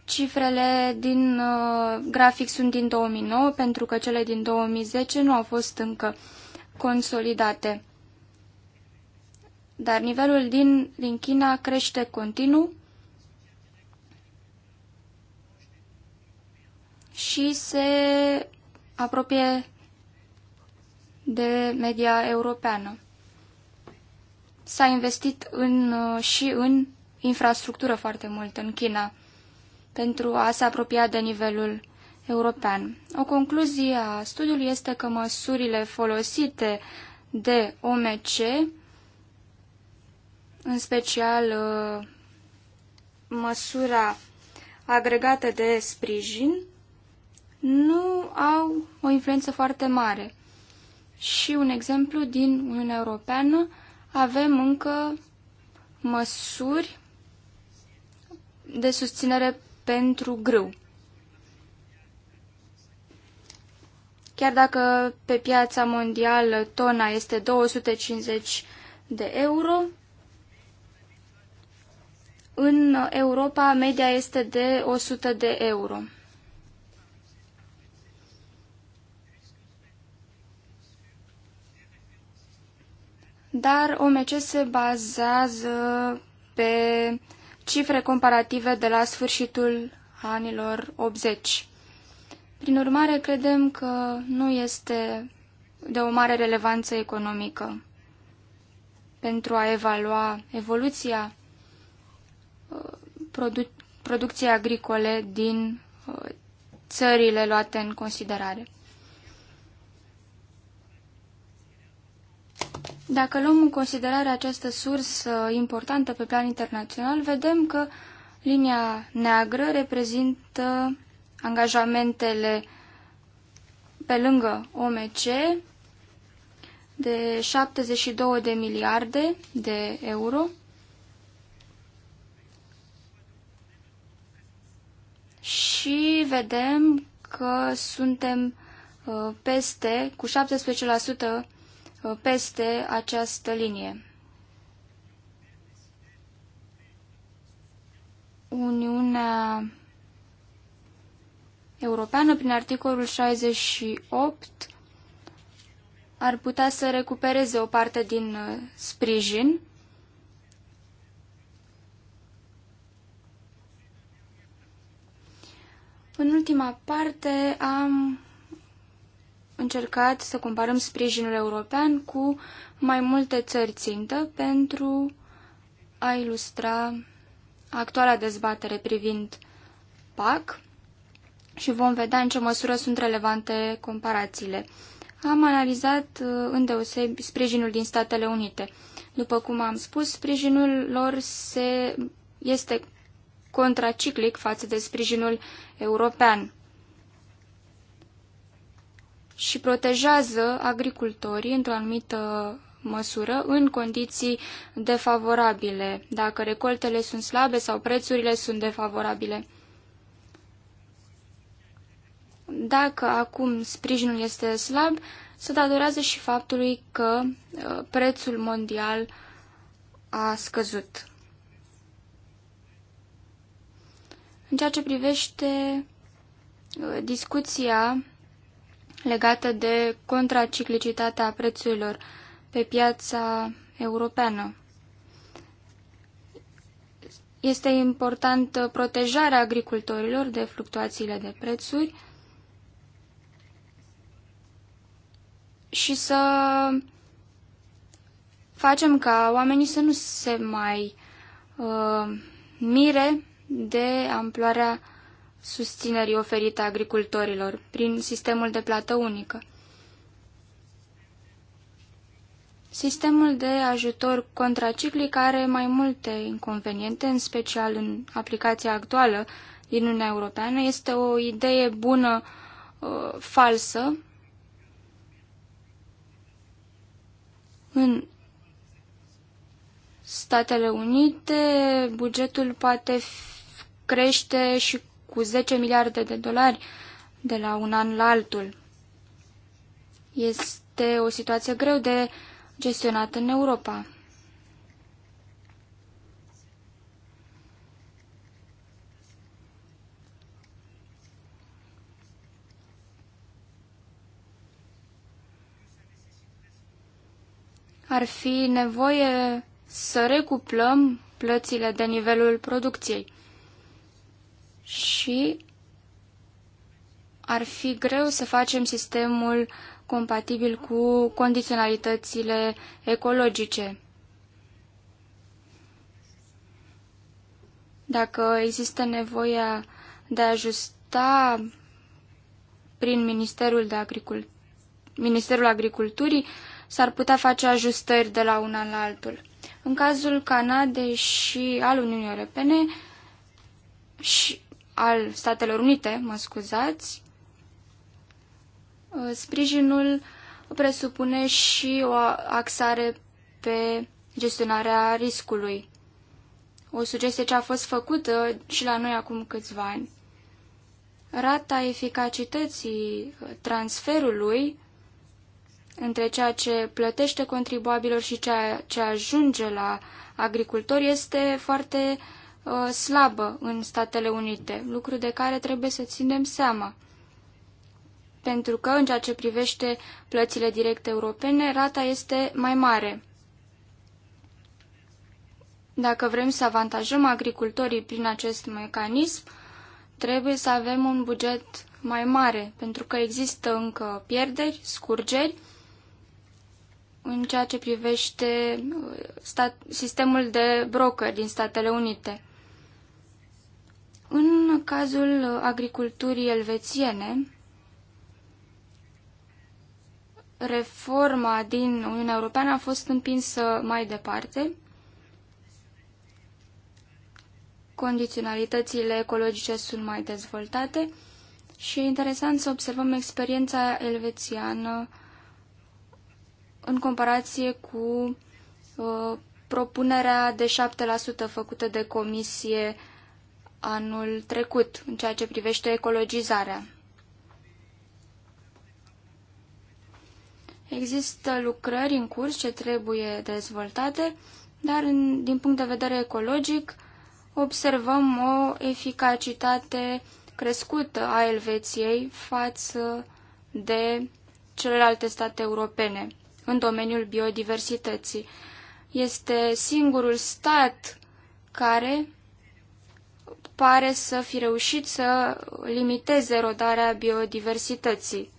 Cifrele din uh, grafic sunt din 2009, pentru că cele din 2010 nu au fost încă consolidate. Dar nivelul din, din China crește continuu și se apropie de media europeană. S-a investit în, uh, și în infrastructură foarte mult în China pentru a se apropia de nivelul european. O concluzie a studiului este că măsurile folosite de OMC, în special uh, măsura agregată de sprijin, nu au o influență foarte mare. Și un exemplu din Uniunea Europeană, avem încă măsuri de susținere pentru grâu. Chiar dacă pe piața mondială tona este 250 de euro, în Europa media este de 100 de euro. dar OMC se bazează pe cifre comparative de la sfârșitul anilor 80. Prin urmare, credem că nu este de o mare relevanță economică pentru a evalua evoluția uh, produ producției agricole din uh, țările luate în considerare. Dacă luăm în considerare această sursă importantă pe plan internațional, vedem că linia neagră reprezintă angajamentele pe lângă OMC de 72 de miliarde de euro și vedem că suntem uh, peste cu 17% peste această linie. Uniunea Europeană, prin articolul 68, ar putea să recupereze o parte din uh, sprijin În ultima parte am încercat să comparăm sprijinul european cu mai multe țări țintă pentru a ilustra actuala dezbatere privind PAC și vom vedea în ce măsură sunt relevante comparațiile. Am analizat uh, îndeosebi sprijinul din Statele Unite. După cum am spus, sprijinul lor se, este contraciclic față de sprijinul european și protejează agricultorii într-o anumită măsură în condiții defavorabile, dacă recoltele sunt slabe sau prețurile sunt defavorabile. Dacă acum sprijinul este slab, se datorează și faptului că uh, prețul mondial a scăzut. În ceea ce privește uh, discuția legată de contraciclicitatea prețurilor pe piața europeană. Este important protejarea agricultorilor de fluctuațiile de prețuri și să facem ca oamenii să nu se mai uh, mire de amploarea susținerii oferite agricultorilor prin sistemul de plată unică. Sistemul de ajutor contraciclic are mai multe inconveniente, în special în aplicația actuală din Uniunea Europeană. Este o idee bună, uh, falsă. În Statele Unite, bugetul poate crește și cu 10 miliarde de dolari de la un an la altul. Este o situație greu de gestionat în Europa. Ar fi nevoie să recuplăm plățile de nivelul producției și ar fi greu să facem sistemul compatibil cu condiționalitățile ecologice. Dacă există nevoia de a ajusta prin Ministerul, de Agricult... Ministerul Agriculturii, s-ar putea face ajustări de la un an la altul. În cazul Canadei și al Uniunii Europene, și al Statelor Unite, mă scuzați, uh, sprijinul presupune și o axare pe gestionarea riscului. O sugestie ce a fost făcută și la noi acum câțiva ani. Rata eficacității transferului între ceea ce plătește contribuabilor și ceea ce ajunge la agricultori este foarte uh, Uh, slabă în Statele Unite, lucru de care trebuie să ținem seama. Pentru că, în ceea ce privește plățile directe europene, rata este mai mare. Dacă vrem să avantajăm agricultorii prin acest mecanism, trebuie să avem un buget mai mare, pentru că există încă pierderi, scurgeri, în ceea ce privește uh, stat, sistemul de broker din Statele Unite. În cazul agriculturii elvețiene, reforma din Uniunea Europeană a fost împinsă mai departe. Condiționalitățile ecologice sunt mai dezvoltate și e interesant să observăm experiența elvețiană în comparație cu uh, propunerea de 7% făcută de comisie uh, anul trecut în ceea ce privește ecologizarea. Există lucrări în curs ce trebuie dezvoltate, dar în, din punct de vedere ecologic observăm o eficacitate crescută a Elveției față de celelalte state europene în domeniul biodiversității. Este singurul stat care pare să fi reușit să limiteze erodarea biodiversității.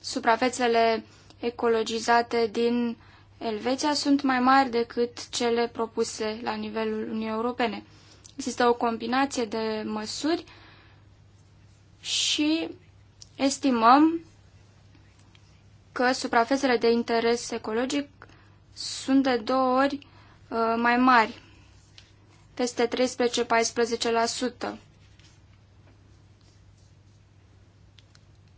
Suprafețele ecologizate din Elveția sunt mai mari decât cele propuse la nivelul Uniunii Europene. Există o combinație de măsuri și estimăm că suprafețele de interes ecologic sunt de două ori uh, mai mari peste 13-14%.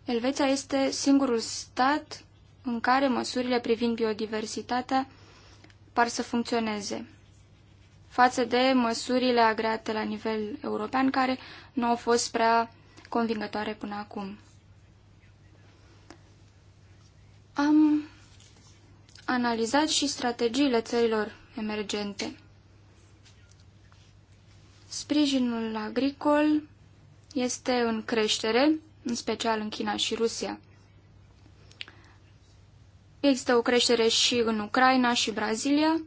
Elveția este singurul stat în care măsurile privind biodiversitatea par să funcționeze, față de măsurile agreate la nivel european, care nu au fost prea convingătoare până acum. Am analizat și strategiile țărilor emergente. Sprijinul agricol este în creștere, în special în China și Rusia. Există o creștere și în Ucraina și Brazilia.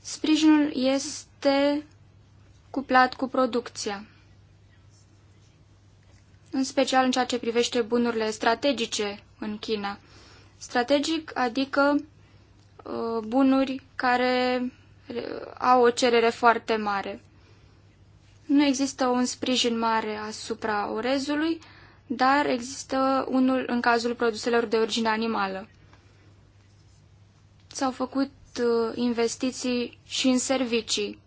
Sprijinul este cuplat cu producția, în special în ceea ce privește bunurile strategice în China. Strategic adică uh, bunuri care uh, au o cerere foarte mare. Nu există un sprijin mare asupra orezului, dar există unul în cazul produselor de origine animală. S-au făcut uh, investiții și în servicii.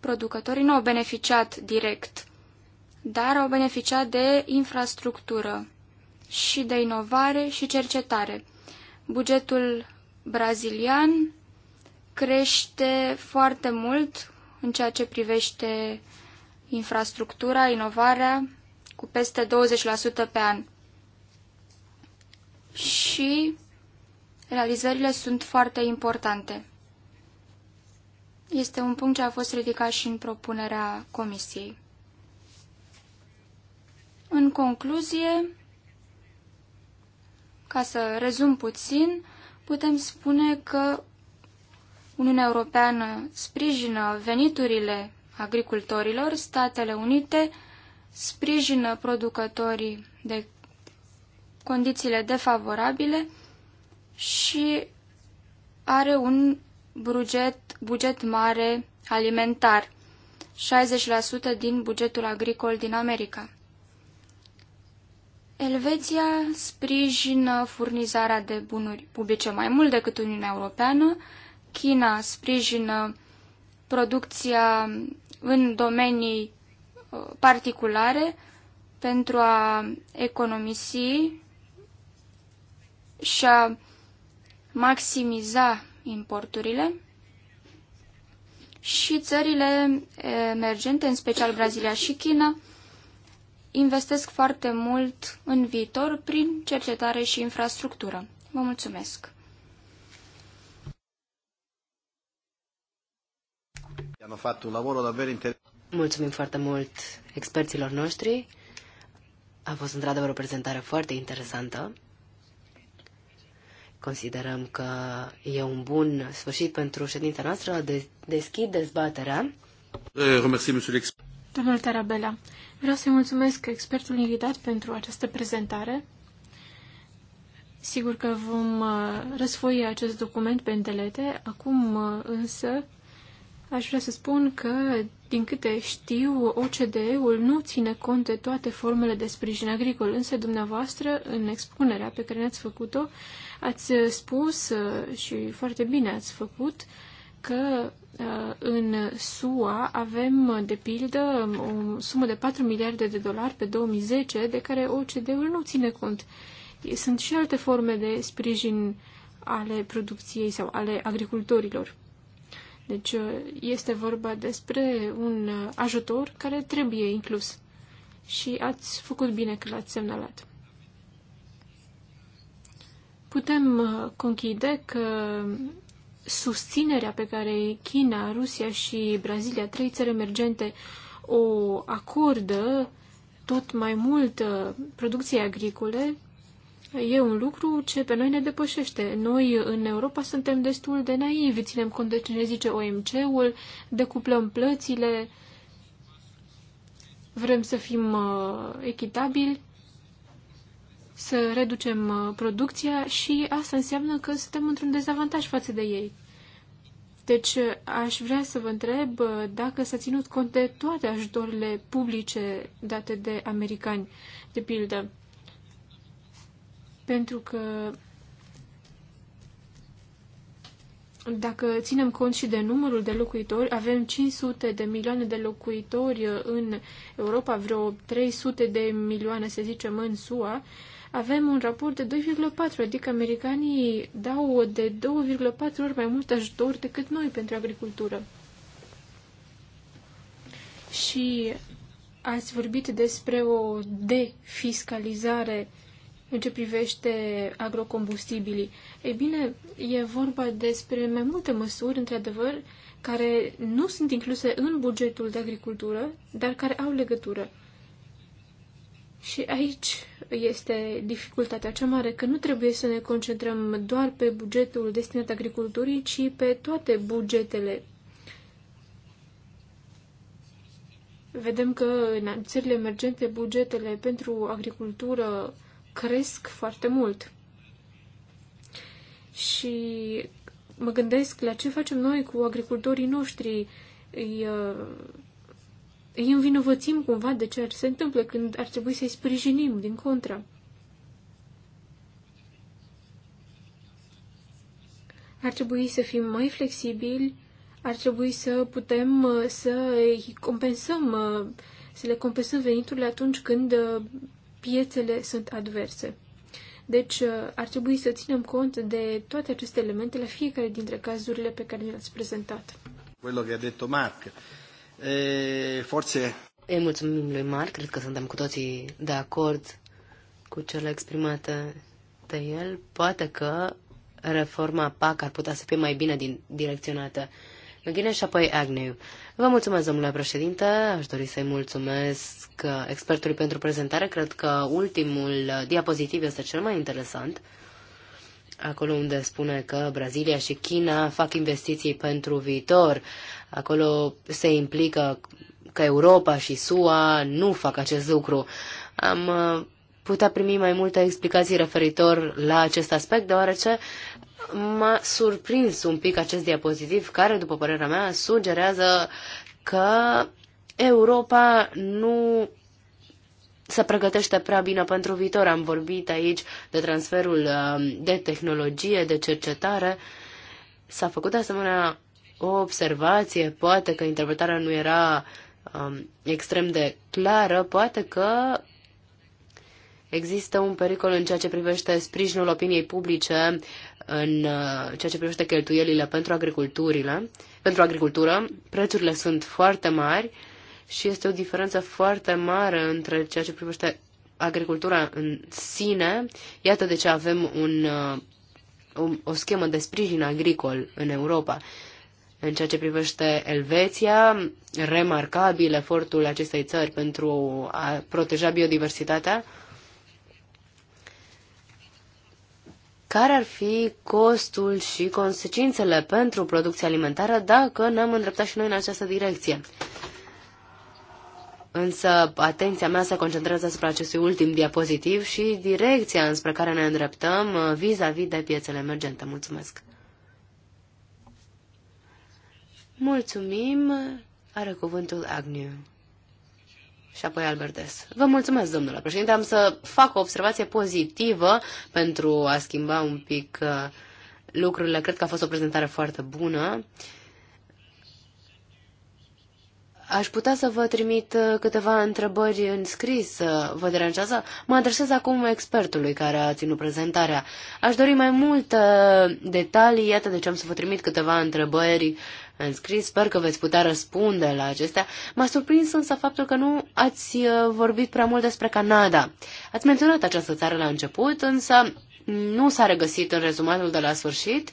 Producătorii nu au beneficiat direct, dar au beneficiat de infrastructură și de inovare și cercetare. Bugetul brazilian crește foarte mult în ceea ce privește infrastructura, inovarea, cu peste 20% pe an. Și realizările sunt foarte importante. Este un punct ce a fost ridicat și în propunerea comisiei. În concluzie, ca să rezum puțin, putem spune că Uniunea Europeană sprijină veniturile agricultorilor, Statele Unite sprijină producătorii de condițiile defavorabile și are un buget, buget mare alimentar, 60% din bugetul agricol din America. Elveția sprijină furnizarea de bunuri publice mai mult decât Uniunea Europeană, China sprijină producția în domenii uh, particulare pentru a economisi și a maximiza importurile și țările emergente, în special Brazilia și China, investesc foarte mult în viitor prin cercetare și infrastructură. Vă mulțumesc! Hanno fatto un lavoro davvero interessante. Mulțumim foarte mult experților noștri. A fost într-adevăr o prezentare foarte interesantă. Considerăm că e un bun sfârșit pentru ședința noastră. De- deschid dezbaterea. Eh, Domnul Tarabela, vreau să-i mulțumesc expertul invitat pentru această prezentare. Sigur că vom eh, răsfoi acest document pe întelete. Acum eh, însă Aș vrea să spun că, din câte știu, OCDE-ul nu ține cont de toate formele de sprijin agricol, însă dumneavoastră, în expunerea pe care ne-ați făcut-o, ați spus uh, și foarte bine ați făcut că uh, în SUA avem, de pildă, o sumă de 4 miliarde de dolari pe 2010, de care OCDE-ul nu ține cont. Sunt și alte forme de sprijin ale producției sau ale agricultorilor. Deci uh, este vorba despre un uh, ajutor care trebuie inclus. Și ați făcut bine că l-ați semnalat. Putem uh, conchide că susținerea pe care China, Rusia și Brazilia, trei țări emergente, o acordă tot mai mult producției agricole, e un lucru ce pe noi ne depășește. Noi în Europa suntem destul de naivi, ținem cont de ce ne zice OMC-ul, decuplăm plățile, vrem să fim uh, echitabili, să reducem uh, producția și asta înseamnă că suntem într-un dezavantaj față de ei. Deci aș vrea să vă întreb uh, dacă s-a ținut cont de toate ajutorile publice date de americani, de pildă. Pentru că dacă ținem cont și de numărul de locuitori, avem 500 de milioane de locuitori în Europa, vreo 300 de milioane, să zicem, în SUA, avem un raport de 2,4, adică americanii dau de 2,4 ori mai mult ajutor decât noi pentru agricultură. Și ați vorbit despre o defiscalizare uh, în ce privește agrocombustibilii. Ei bine, e vorba despre mai multe măsuri, într-adevăr, care nu sunt incluse în bugetul de agricultură, dar care au legătură. Și aici este dificultatea cea mare, că nu trebuie să ne concentrăm doar pe bugetul destinat agriculturii, ci pe toate bugetele. Vedem că în țările emergente bugetele pentru agricultură cresc foarte mult. Și mă gândesc la ce facem noi cu agricultorii noștri. Îi, uh, îi învinovățim cumva de ce se întâmplă când ar trebui să-i sprijinim, din contră. Ar trebui să fim mai flexibili, ar trebui să putem uh, să îi compensăm, uh, să le compensăm veniturile atunci când piețele sunt adverse. Deci uh, ar trebui să ținem cont de toate aceste elemente la fiecare dintre cazurile pe care ni le-ați prezentat. Quello che ha detto Marc. E, forse... Îi mulțumim lui Marc, cred că suntem cu toții de acord cu cele exprimate de el. Poate că reforma PAC ar putea să fie mai bine din, direcționată McGuinness și apoi Agnew. Vă mulțumesc, domnule președinte. Aș dori să-i mulțumesc uh, expertului pentru prezentare. Cred că ultimul uh, diapozitiv este cel mai interesant. Acolo unde spune că Brazilia și China fac investiții pentru viitor. Acolo se implică că Europa și SUA nu fac acest lucru. Am uh, putea primi mai multe explicații referitor la acest aspect, deoarece m-a surprins un pic acest diapozitiv care, după părerea mea, sugerează că Europa nu se pregătește prea bine pentru viitor. Am vorbit aici de transferul um, de tehnologie, de cercetare. S-a făcut de asemenea o observație, poate că interpretarea nu era um, extrem de clară, poate că Există un pericol în ceea ce privește sprijinul opiniei publice, în uh, ceea ce privește cheltuielile pentru agriculturile, pentru agricultură. Prețurile sunt foarte mari și este o diferență foarte mare între ceea ce privește agricultura în sine. Iată de ce avem un, o, uh, o schemă de sprijin agricol în Europa. În ceea ce privește Elveția, remarcabil efortul acestei țări pentru a proteja biodiversitatea, care ar fi costul și consecințele pentru producția alimentară dacă ne-am îndreptat și noi în această direcție. Însă atenția mea se concentrează asupra acestui ultim diapozitiv și direcția înspre care ne îndreptăm uh, vis-a-vis -vis de piețele emergente. Mulțumesc! Mulțumim! Are cuvântul Agnew și apoi Albertes. Vă mulțumesc, domnule președinte. Am să fac o observație pozitivă pentru a schimba un pic uh, lucrurile. Cred că a fost o prezentare foarte bună. Aș putea să vă trimit uh, câteva întrebări în scris, vă deranjează? Mă adresez acum expertului care a ținut prezentarea. Aș dori mai multe uh, detalii, iată de ce am să vă trimit câteva întrebări în scris. Sper că veți putea răspunde la acestea. M-a surprins însă faptul că nu ați uh, vorbit prea mult despre Canada. Ați menționat această țară la început, însă nu s-a regăsit în rezumatul de la sfârșit.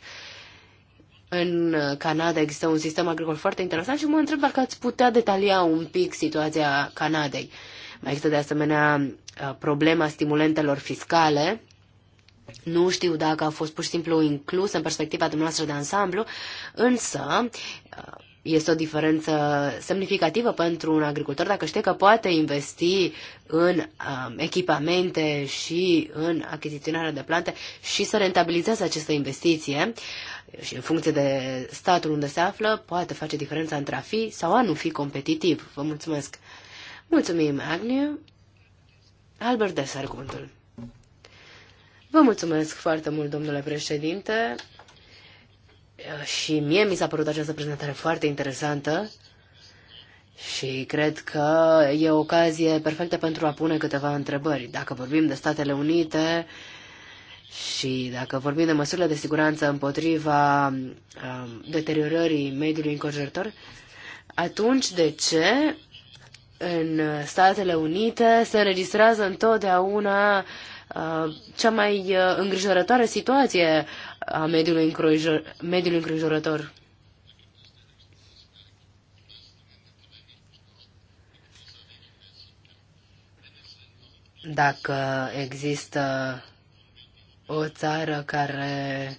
În Canada există un sistem agricol foarte interesant și mă întreb dacă ați putea detalia un pic situația Canadei. Mai există de asemenea uh, problema stimulentelor fiscale, nu știu dacă a fost pur și simplu inclus în perspectiva dumneavoastră de ansamblu, însă uh, este o diferență semnificativă pentru un agricultor dacă știe că poate investi în um, echipamente și în achiziționarea de plante și să rentabilizeze această investiție și în funcție de statul unde se află, poate face diferența între a fi sau a nu fi competitiv. Vă mulțumesc! Mulțumim, Agniu! Albert Desarguntul. Vă mulțumesc foarte mult, domnule președinte. Și mie mi s-a părut această prezentare foarte interesantă și cred că e o ocazie perfectă pentru a pune câteva întrebări. Dacă vorbim de Statele Unite și dacă vorbim de măsurile de siguranță împotriva um, deteriorării mediului înconjurător, atunci de ce în Statele Unite se înregistrează întotdeauna uh, Uh, cea mai uh, îngrijorătoare situație a mediului, încrujor, mediului îngrijorător. Dacă există o țară care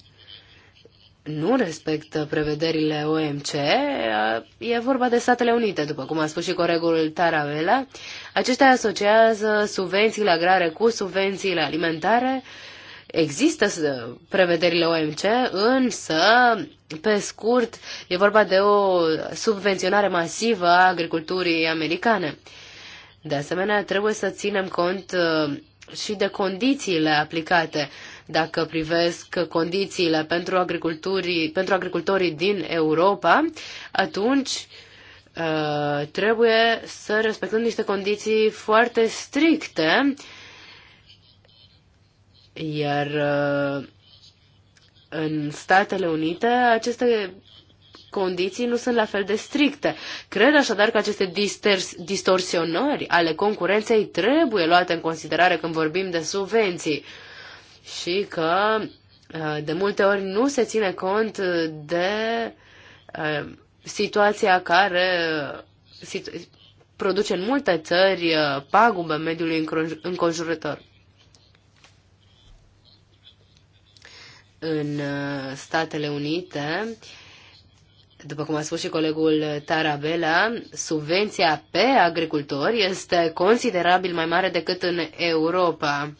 nu respectă prevederile OMC, e vorba de Statele Unite, după cum a spus și colegul Taravela. Aceștia asociază subvențiile agrare cu subvențiile alimentare. Există uh, prevederile OMC, însă, pe scurt, e vorba de o subvenționare masivă a agriculturii americane. De asemenea, trebuie să ținem cont uh, și de condițiile aplicate. Uh, dacă privesc condițiile pentru, agricultorii, pentru agricultorii din Europa, atunci uh, trebuie să respectăm niște condiții foarte stricte, iar uh, în Statele Unite aceste condiții nu sunt la fel de stricte. Cred așadar că aceste distorsionări ale concurenței trebuie luate în considerare când vorbim de subvenții și că uh, de multe ori nu se ține cont de uh, situația care uh, produce în multe țări pagubă mediului înconjurător. În Statele Unite, după cum a spus și colegul Tarabella, subvenția pe agricultori este considerabil mai mare decât în Europa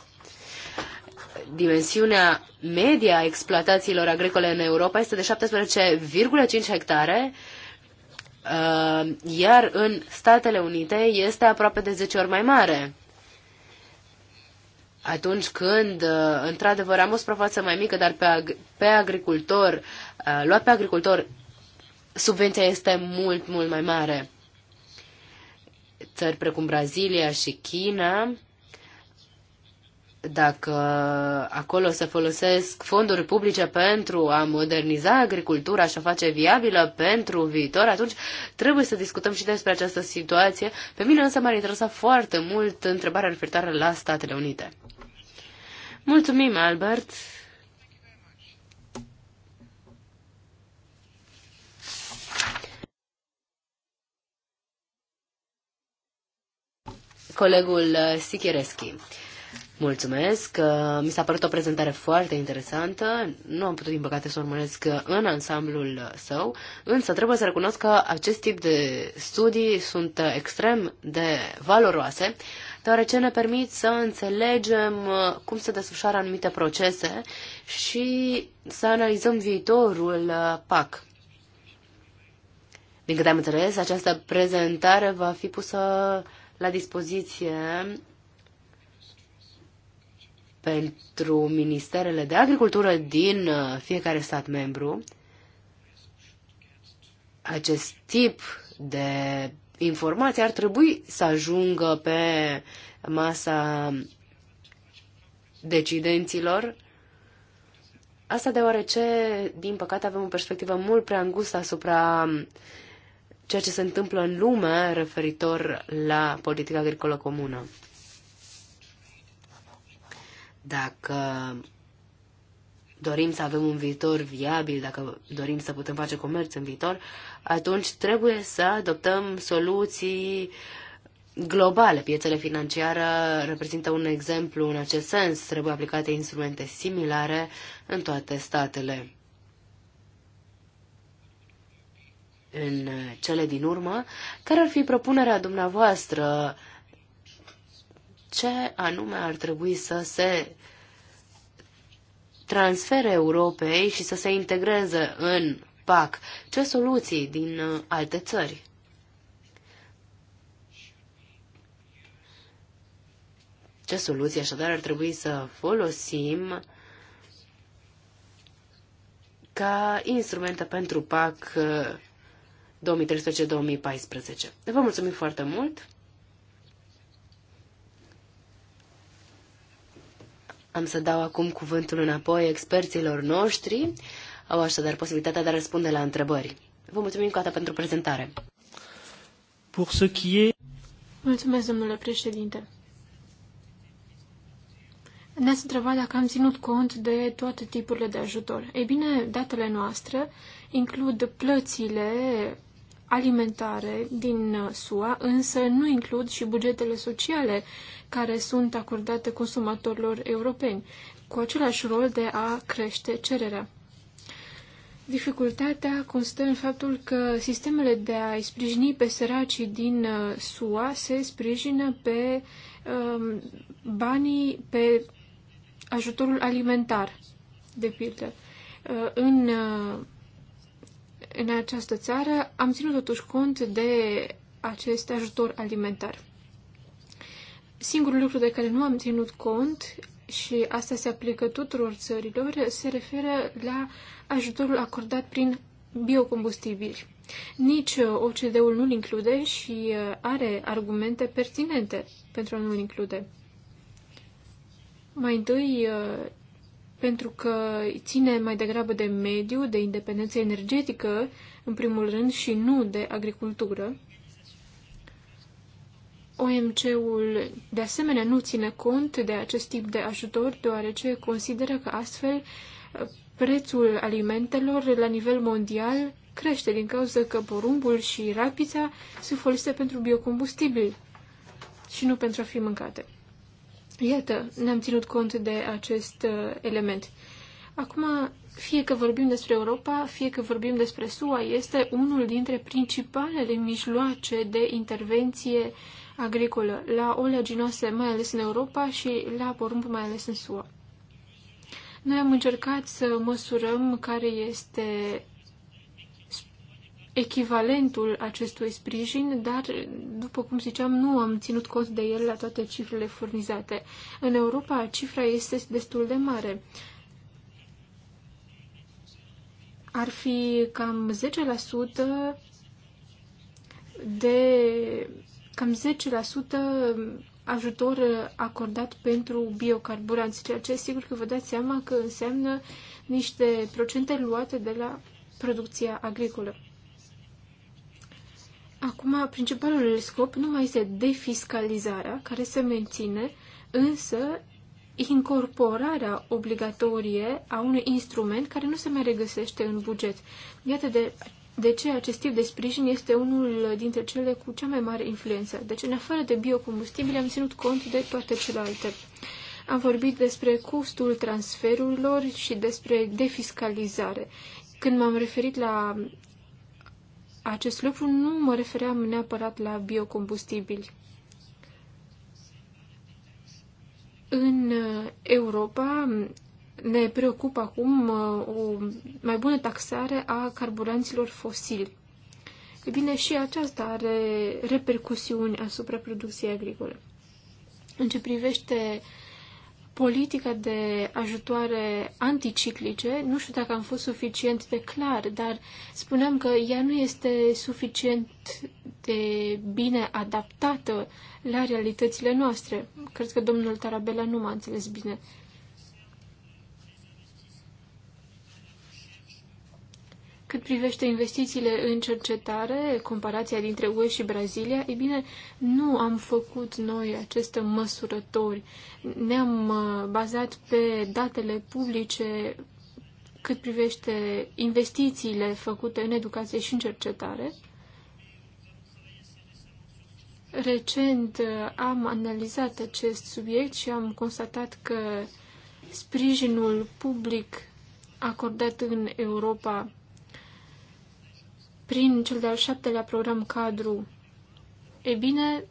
dimensiunea media a exploatațiilor agricole în Europa este de 17,5 hectare, uh, iar în Statele Unite este aproape de 10 ori mai mare. Atunci când, uh, într-adevăr, am o suprafață mai mică, dar pe, ag- pe agricultor, uh, luat pe agricultor, subvenția este mult, mult mai mare. Țări precum Brazilia și China dacă acolo se folosesc fonduri publice pentru a moderniza agricultura și a face viabilă pentru viitor, atunci trebuie să discutăm și despre această situație. Pe mine însă m-ar interesa foarte mult întrebarea referitoare la Statele Unite. Mulțumim, Albert! Colegul Sikireski. Mulțumesc! Uh, mi s-a părut o prezentare foarte interesantă. Nu am putut, din păcate, să urmăresc uh, în ansamblul uh, său, însă trebuie să recunosc că acest tip de studii sunt extrem de valoroase, deoarece ne permit să înțelegem cum se desfășoară anumite procese și să analizăm viitorul PAC. Din câte am înțeles, această prezentare va fi pusă la dispoziție pentru ministerele de agricultură din uh, fiecare stat membru. Acest tip de informații ar trebui să ajungă pe masa decidenților. Asta deoarece, din păcate, avem o perspectivă mult prea îngustă asupra ceea ce se întâmplă în lume referitor la politica agricolă comună. Dacă dorim să avem un viitor viabil, dacă dorim să putem face comerț în viitor, atunci trebuie să adoptăm soluții globale. Piețele financiare reprezintă un exemplu în acest sens. Trebuie aplicate instrumente similare în toate statele. În cele din urmă, care ar fi propunerea dumneavoastră ce anume ar trebui să se transfere Europei și să se integreze în PAC? Ce soluții din uh, alte țări? Ce soluții așadar ar trebui să folosim ca instrumente pentru PAC 2013-2014? Uh, Vă mulțumim foarte mult! Am să dau acum cuvântul înapoi experților noștri. Au așadar posibilitatea de a răspunde la întrebări. Vă mulțumim încă o dată pentru prezentare. Pour ce qui est... Mulțumesc, domnule președinte. Ne-ați întrebat dacă am ținut cont de toate tipurile de ajutor. Ei bine, datele noastre includ plățile alimentare din SUA, însă nu includ și bugetele sociale care sunt acordate consumatorilor europeni, cu același rol de a crește cererea. Dificultatea constă în faptul că sistemele de a-i sprijini pe săracii din uh, SUA se sprijină pe um, banii, pe ajutorul alimentar, de pildă. Uh, în, uh, în această țară am ținut totuși cont de acest ajutor alimentar. Singurul lucru de care nu am ținut cont, și asta se aplică tuturor țărilor, se referă la ajutorul acordat prin biocombustibili. Nici OCD-ul nu-l include și are argumente pertinente pentru a nu-l include. Mai întâi, pentru că ține mai degrabă de mediu, de independență energetică, în primul rând, și nu de agricultură. OMC-ul de asemenea nu ține cont de acest tip de ajutor, deoarece consideră că astfel uh, prețul alimentelor la nivel mondial crește din cauza că porumbul și rapița se folosite pentru biocombustibil și nu pentru a fi mâncate. Iată, ne-am ținut cont de acest uh, element. Acum, fie că vorbim despre Europa, fie că vorbim despre SUA, este unul dintre principalele mijloace de intervenție uh, agricolă, la oleaginoase, mai ales în Europa, și la porumb, mai ales în SUA. Noi am încercat să măsurăm care este echivalentul acestui sprijin, dar, după cum ziceam, nu am ținut cont de el la toate cifrele furnizate. În Europa, cifra este destul de mare. Ar fi cam 10% de cam 10% ajutor acordat pentru biocarburanți, ceea ce sigur că vă dați seama că înseamnă niște procente luate de la producția agricolă. Acum, principalul scop nu mai este defiscalizarea, care se menține, însă incorporarea obligatorie a unui instrument care nu se mai regăsește în buget. Iată de de ce acest tip de sprijin este unul dintre cele cu cea mai mare influență. Deci, în afară de biocombustibile, am ținut cont de toate celelalte. Am vorbit despre costul transferurilor și despre defiscalizare. Când m-am referit la acest lucru, nu mă refeream neapărat la biocombustibili. În Europa, ne preocupă acum uh, o mai bună taxare a carburanților fosili. E bine, și aceasta are repercusiuni asupra producției agricole. În ce privește politica de ajutoare anticiclice, nu știu dacă am fost suficient de clar, dar spuneam că ea nu este suficient de bine adaptată la realitățile noastre. Cred că domnul Tarabella nu m-a înțeles bine. Cât privește investițiile în cercetare, comparația dintre UE și Brazilia, e bine, nu am făcut noi aceste măsurători. Ne-am uh, bazat pe datele publice cât privește investițiile făcute în educație și în cercetare. Recent uh, am analizat acest subiect și am constatat că sprijinul public acordat în Europa prin cel de-al șaptelea program cadru, e bine,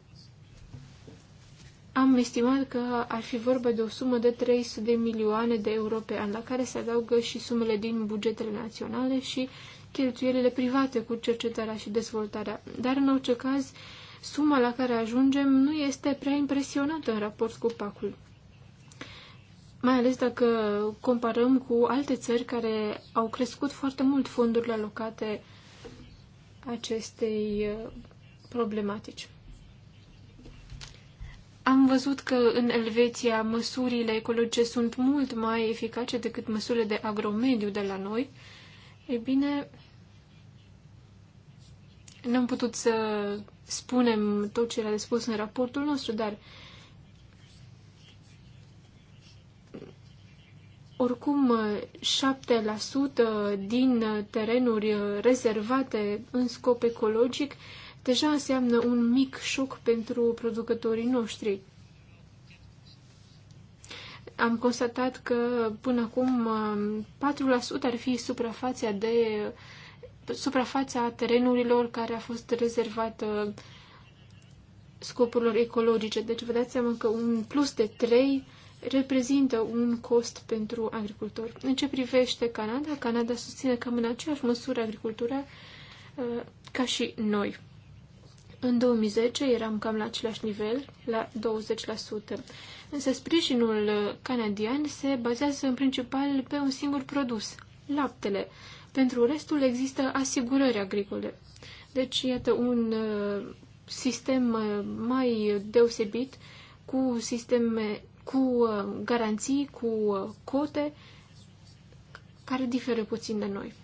am estimat că ar fi vorba de o sumă de 300 de milioane de euro pe an, la care se adaugă și sumele din bugetele naționale și cheltuielile private cu cercetarea și dezvoltarea. Dar, în orice caz, suma la care ajungem nu este prea impresionantă în raport cu pacul. Mai ales dacă comparăm cu alte țări care au crescut foarte mult fondurile alocate acestei uh, problematici. Am văzut că în Elveția măsurile ecologice sunt mult mai eficace decât măsurile de agromediu de la noi. Ei bine, n-am putut să spunem tot ce era de spus în raportul nostru, dar uh, Oricum, 7% din terenuri rezervate în scop ecologic deja înseamnă un mic șoc pentru producătorii noștri. Am constatat că până acum 4% ar fi suprafața de suprafața terenurilor care a fost rezervată scopurilor ecologice. Deci vă dați seama că un plus de 3 reprezintă un cost pentru agricultori. În ce privește Canada, Canada susține cam în aceeași măsură agricultura uh, ca și noi. În 2010 eram cam la același nivel, la 20%. Însă sprijinul uh, canadian se bazează în principal pe un singur produs, laptele. Pentru restul există asigurări agricole. Deci, iată un uh, sistem mai deosebit cu sisteme cu uh, garanții, cu uh, cote care diferă puțin de noi.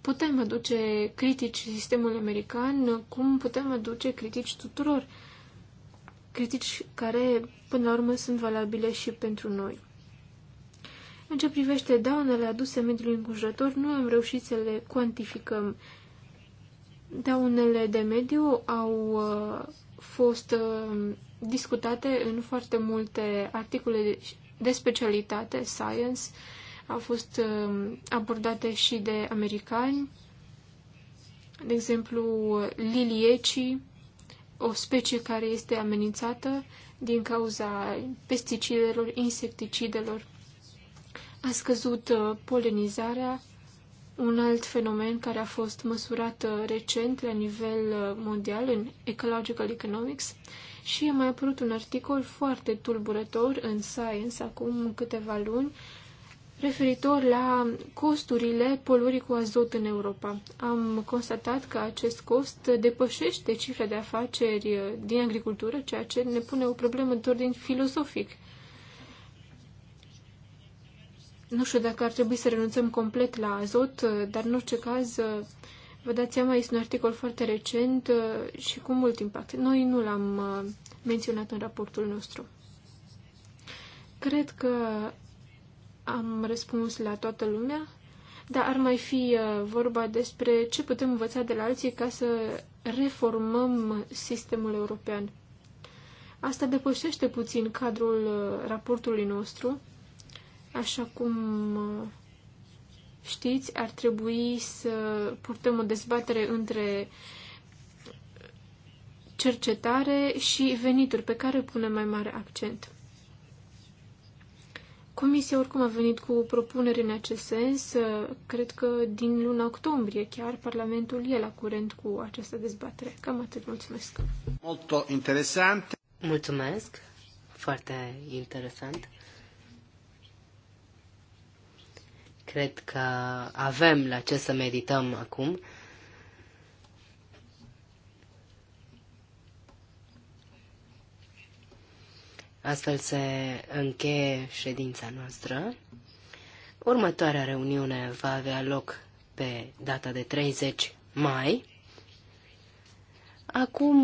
Putem aduce critici sistemul american, cum putem aduce critici tuturor, critici care, până la urmă, sunt valabile și pentru noi. În ce privește daunele aduse mediului înconjurător, nu am reușit să le cuantificăm Daunele de mediu au uh, fost uh, discutate în foarte multe articole de specialitate, science, au fost uh, abordate și de americani, de exemplu liliecii, o specie care este amenințată din cauza pesticidelor, insecticidelor. A scăzut polenizarea, un alt fenomen care a fost măsurat uh, recent la nivel uh, mondial în Ecological Economics și a mai apărut un articol foarte tulburător în Science acum câteva luni referitor la costurile polurii cu azot în Europa. Am constatat că acest cost depășește cifra de afaceri uh, din agricultură, ceea ce ne pune o problemă de ordin filozofic. Nu știu dacă ar trebui să renunțăm complet la azot, dar în orice caz, vă dați seama, este un articol foarte recent uh, și cu mult impact. Noi nu l-am uh, menționat în raportul nostru. Cred că am răspuns la toată lumea, dar ar mai fi uh, vorba despre ce putem învăța de la alții ca să reformăm sistemul european. Asta depășește puțin cadrul raportului nostru Așa cum uh, știți, ar trebui să purtăm o dezbatere între cercetare și venituri, pe care pune mai mare accent. Comisia oricum a venit cu propuneri în acest sens, cred că din luna octombrie chiar Parlamentul e la curent cu această dezbatere. Cam atât, mulțumesc. Molto interesant. Mulțumesc, foarte interesant. Cred că avem la ce să medităm acum. Astfel se încheie ședința noastră. Următoarea reuniune va avea loc pe data de 30 mai. Acum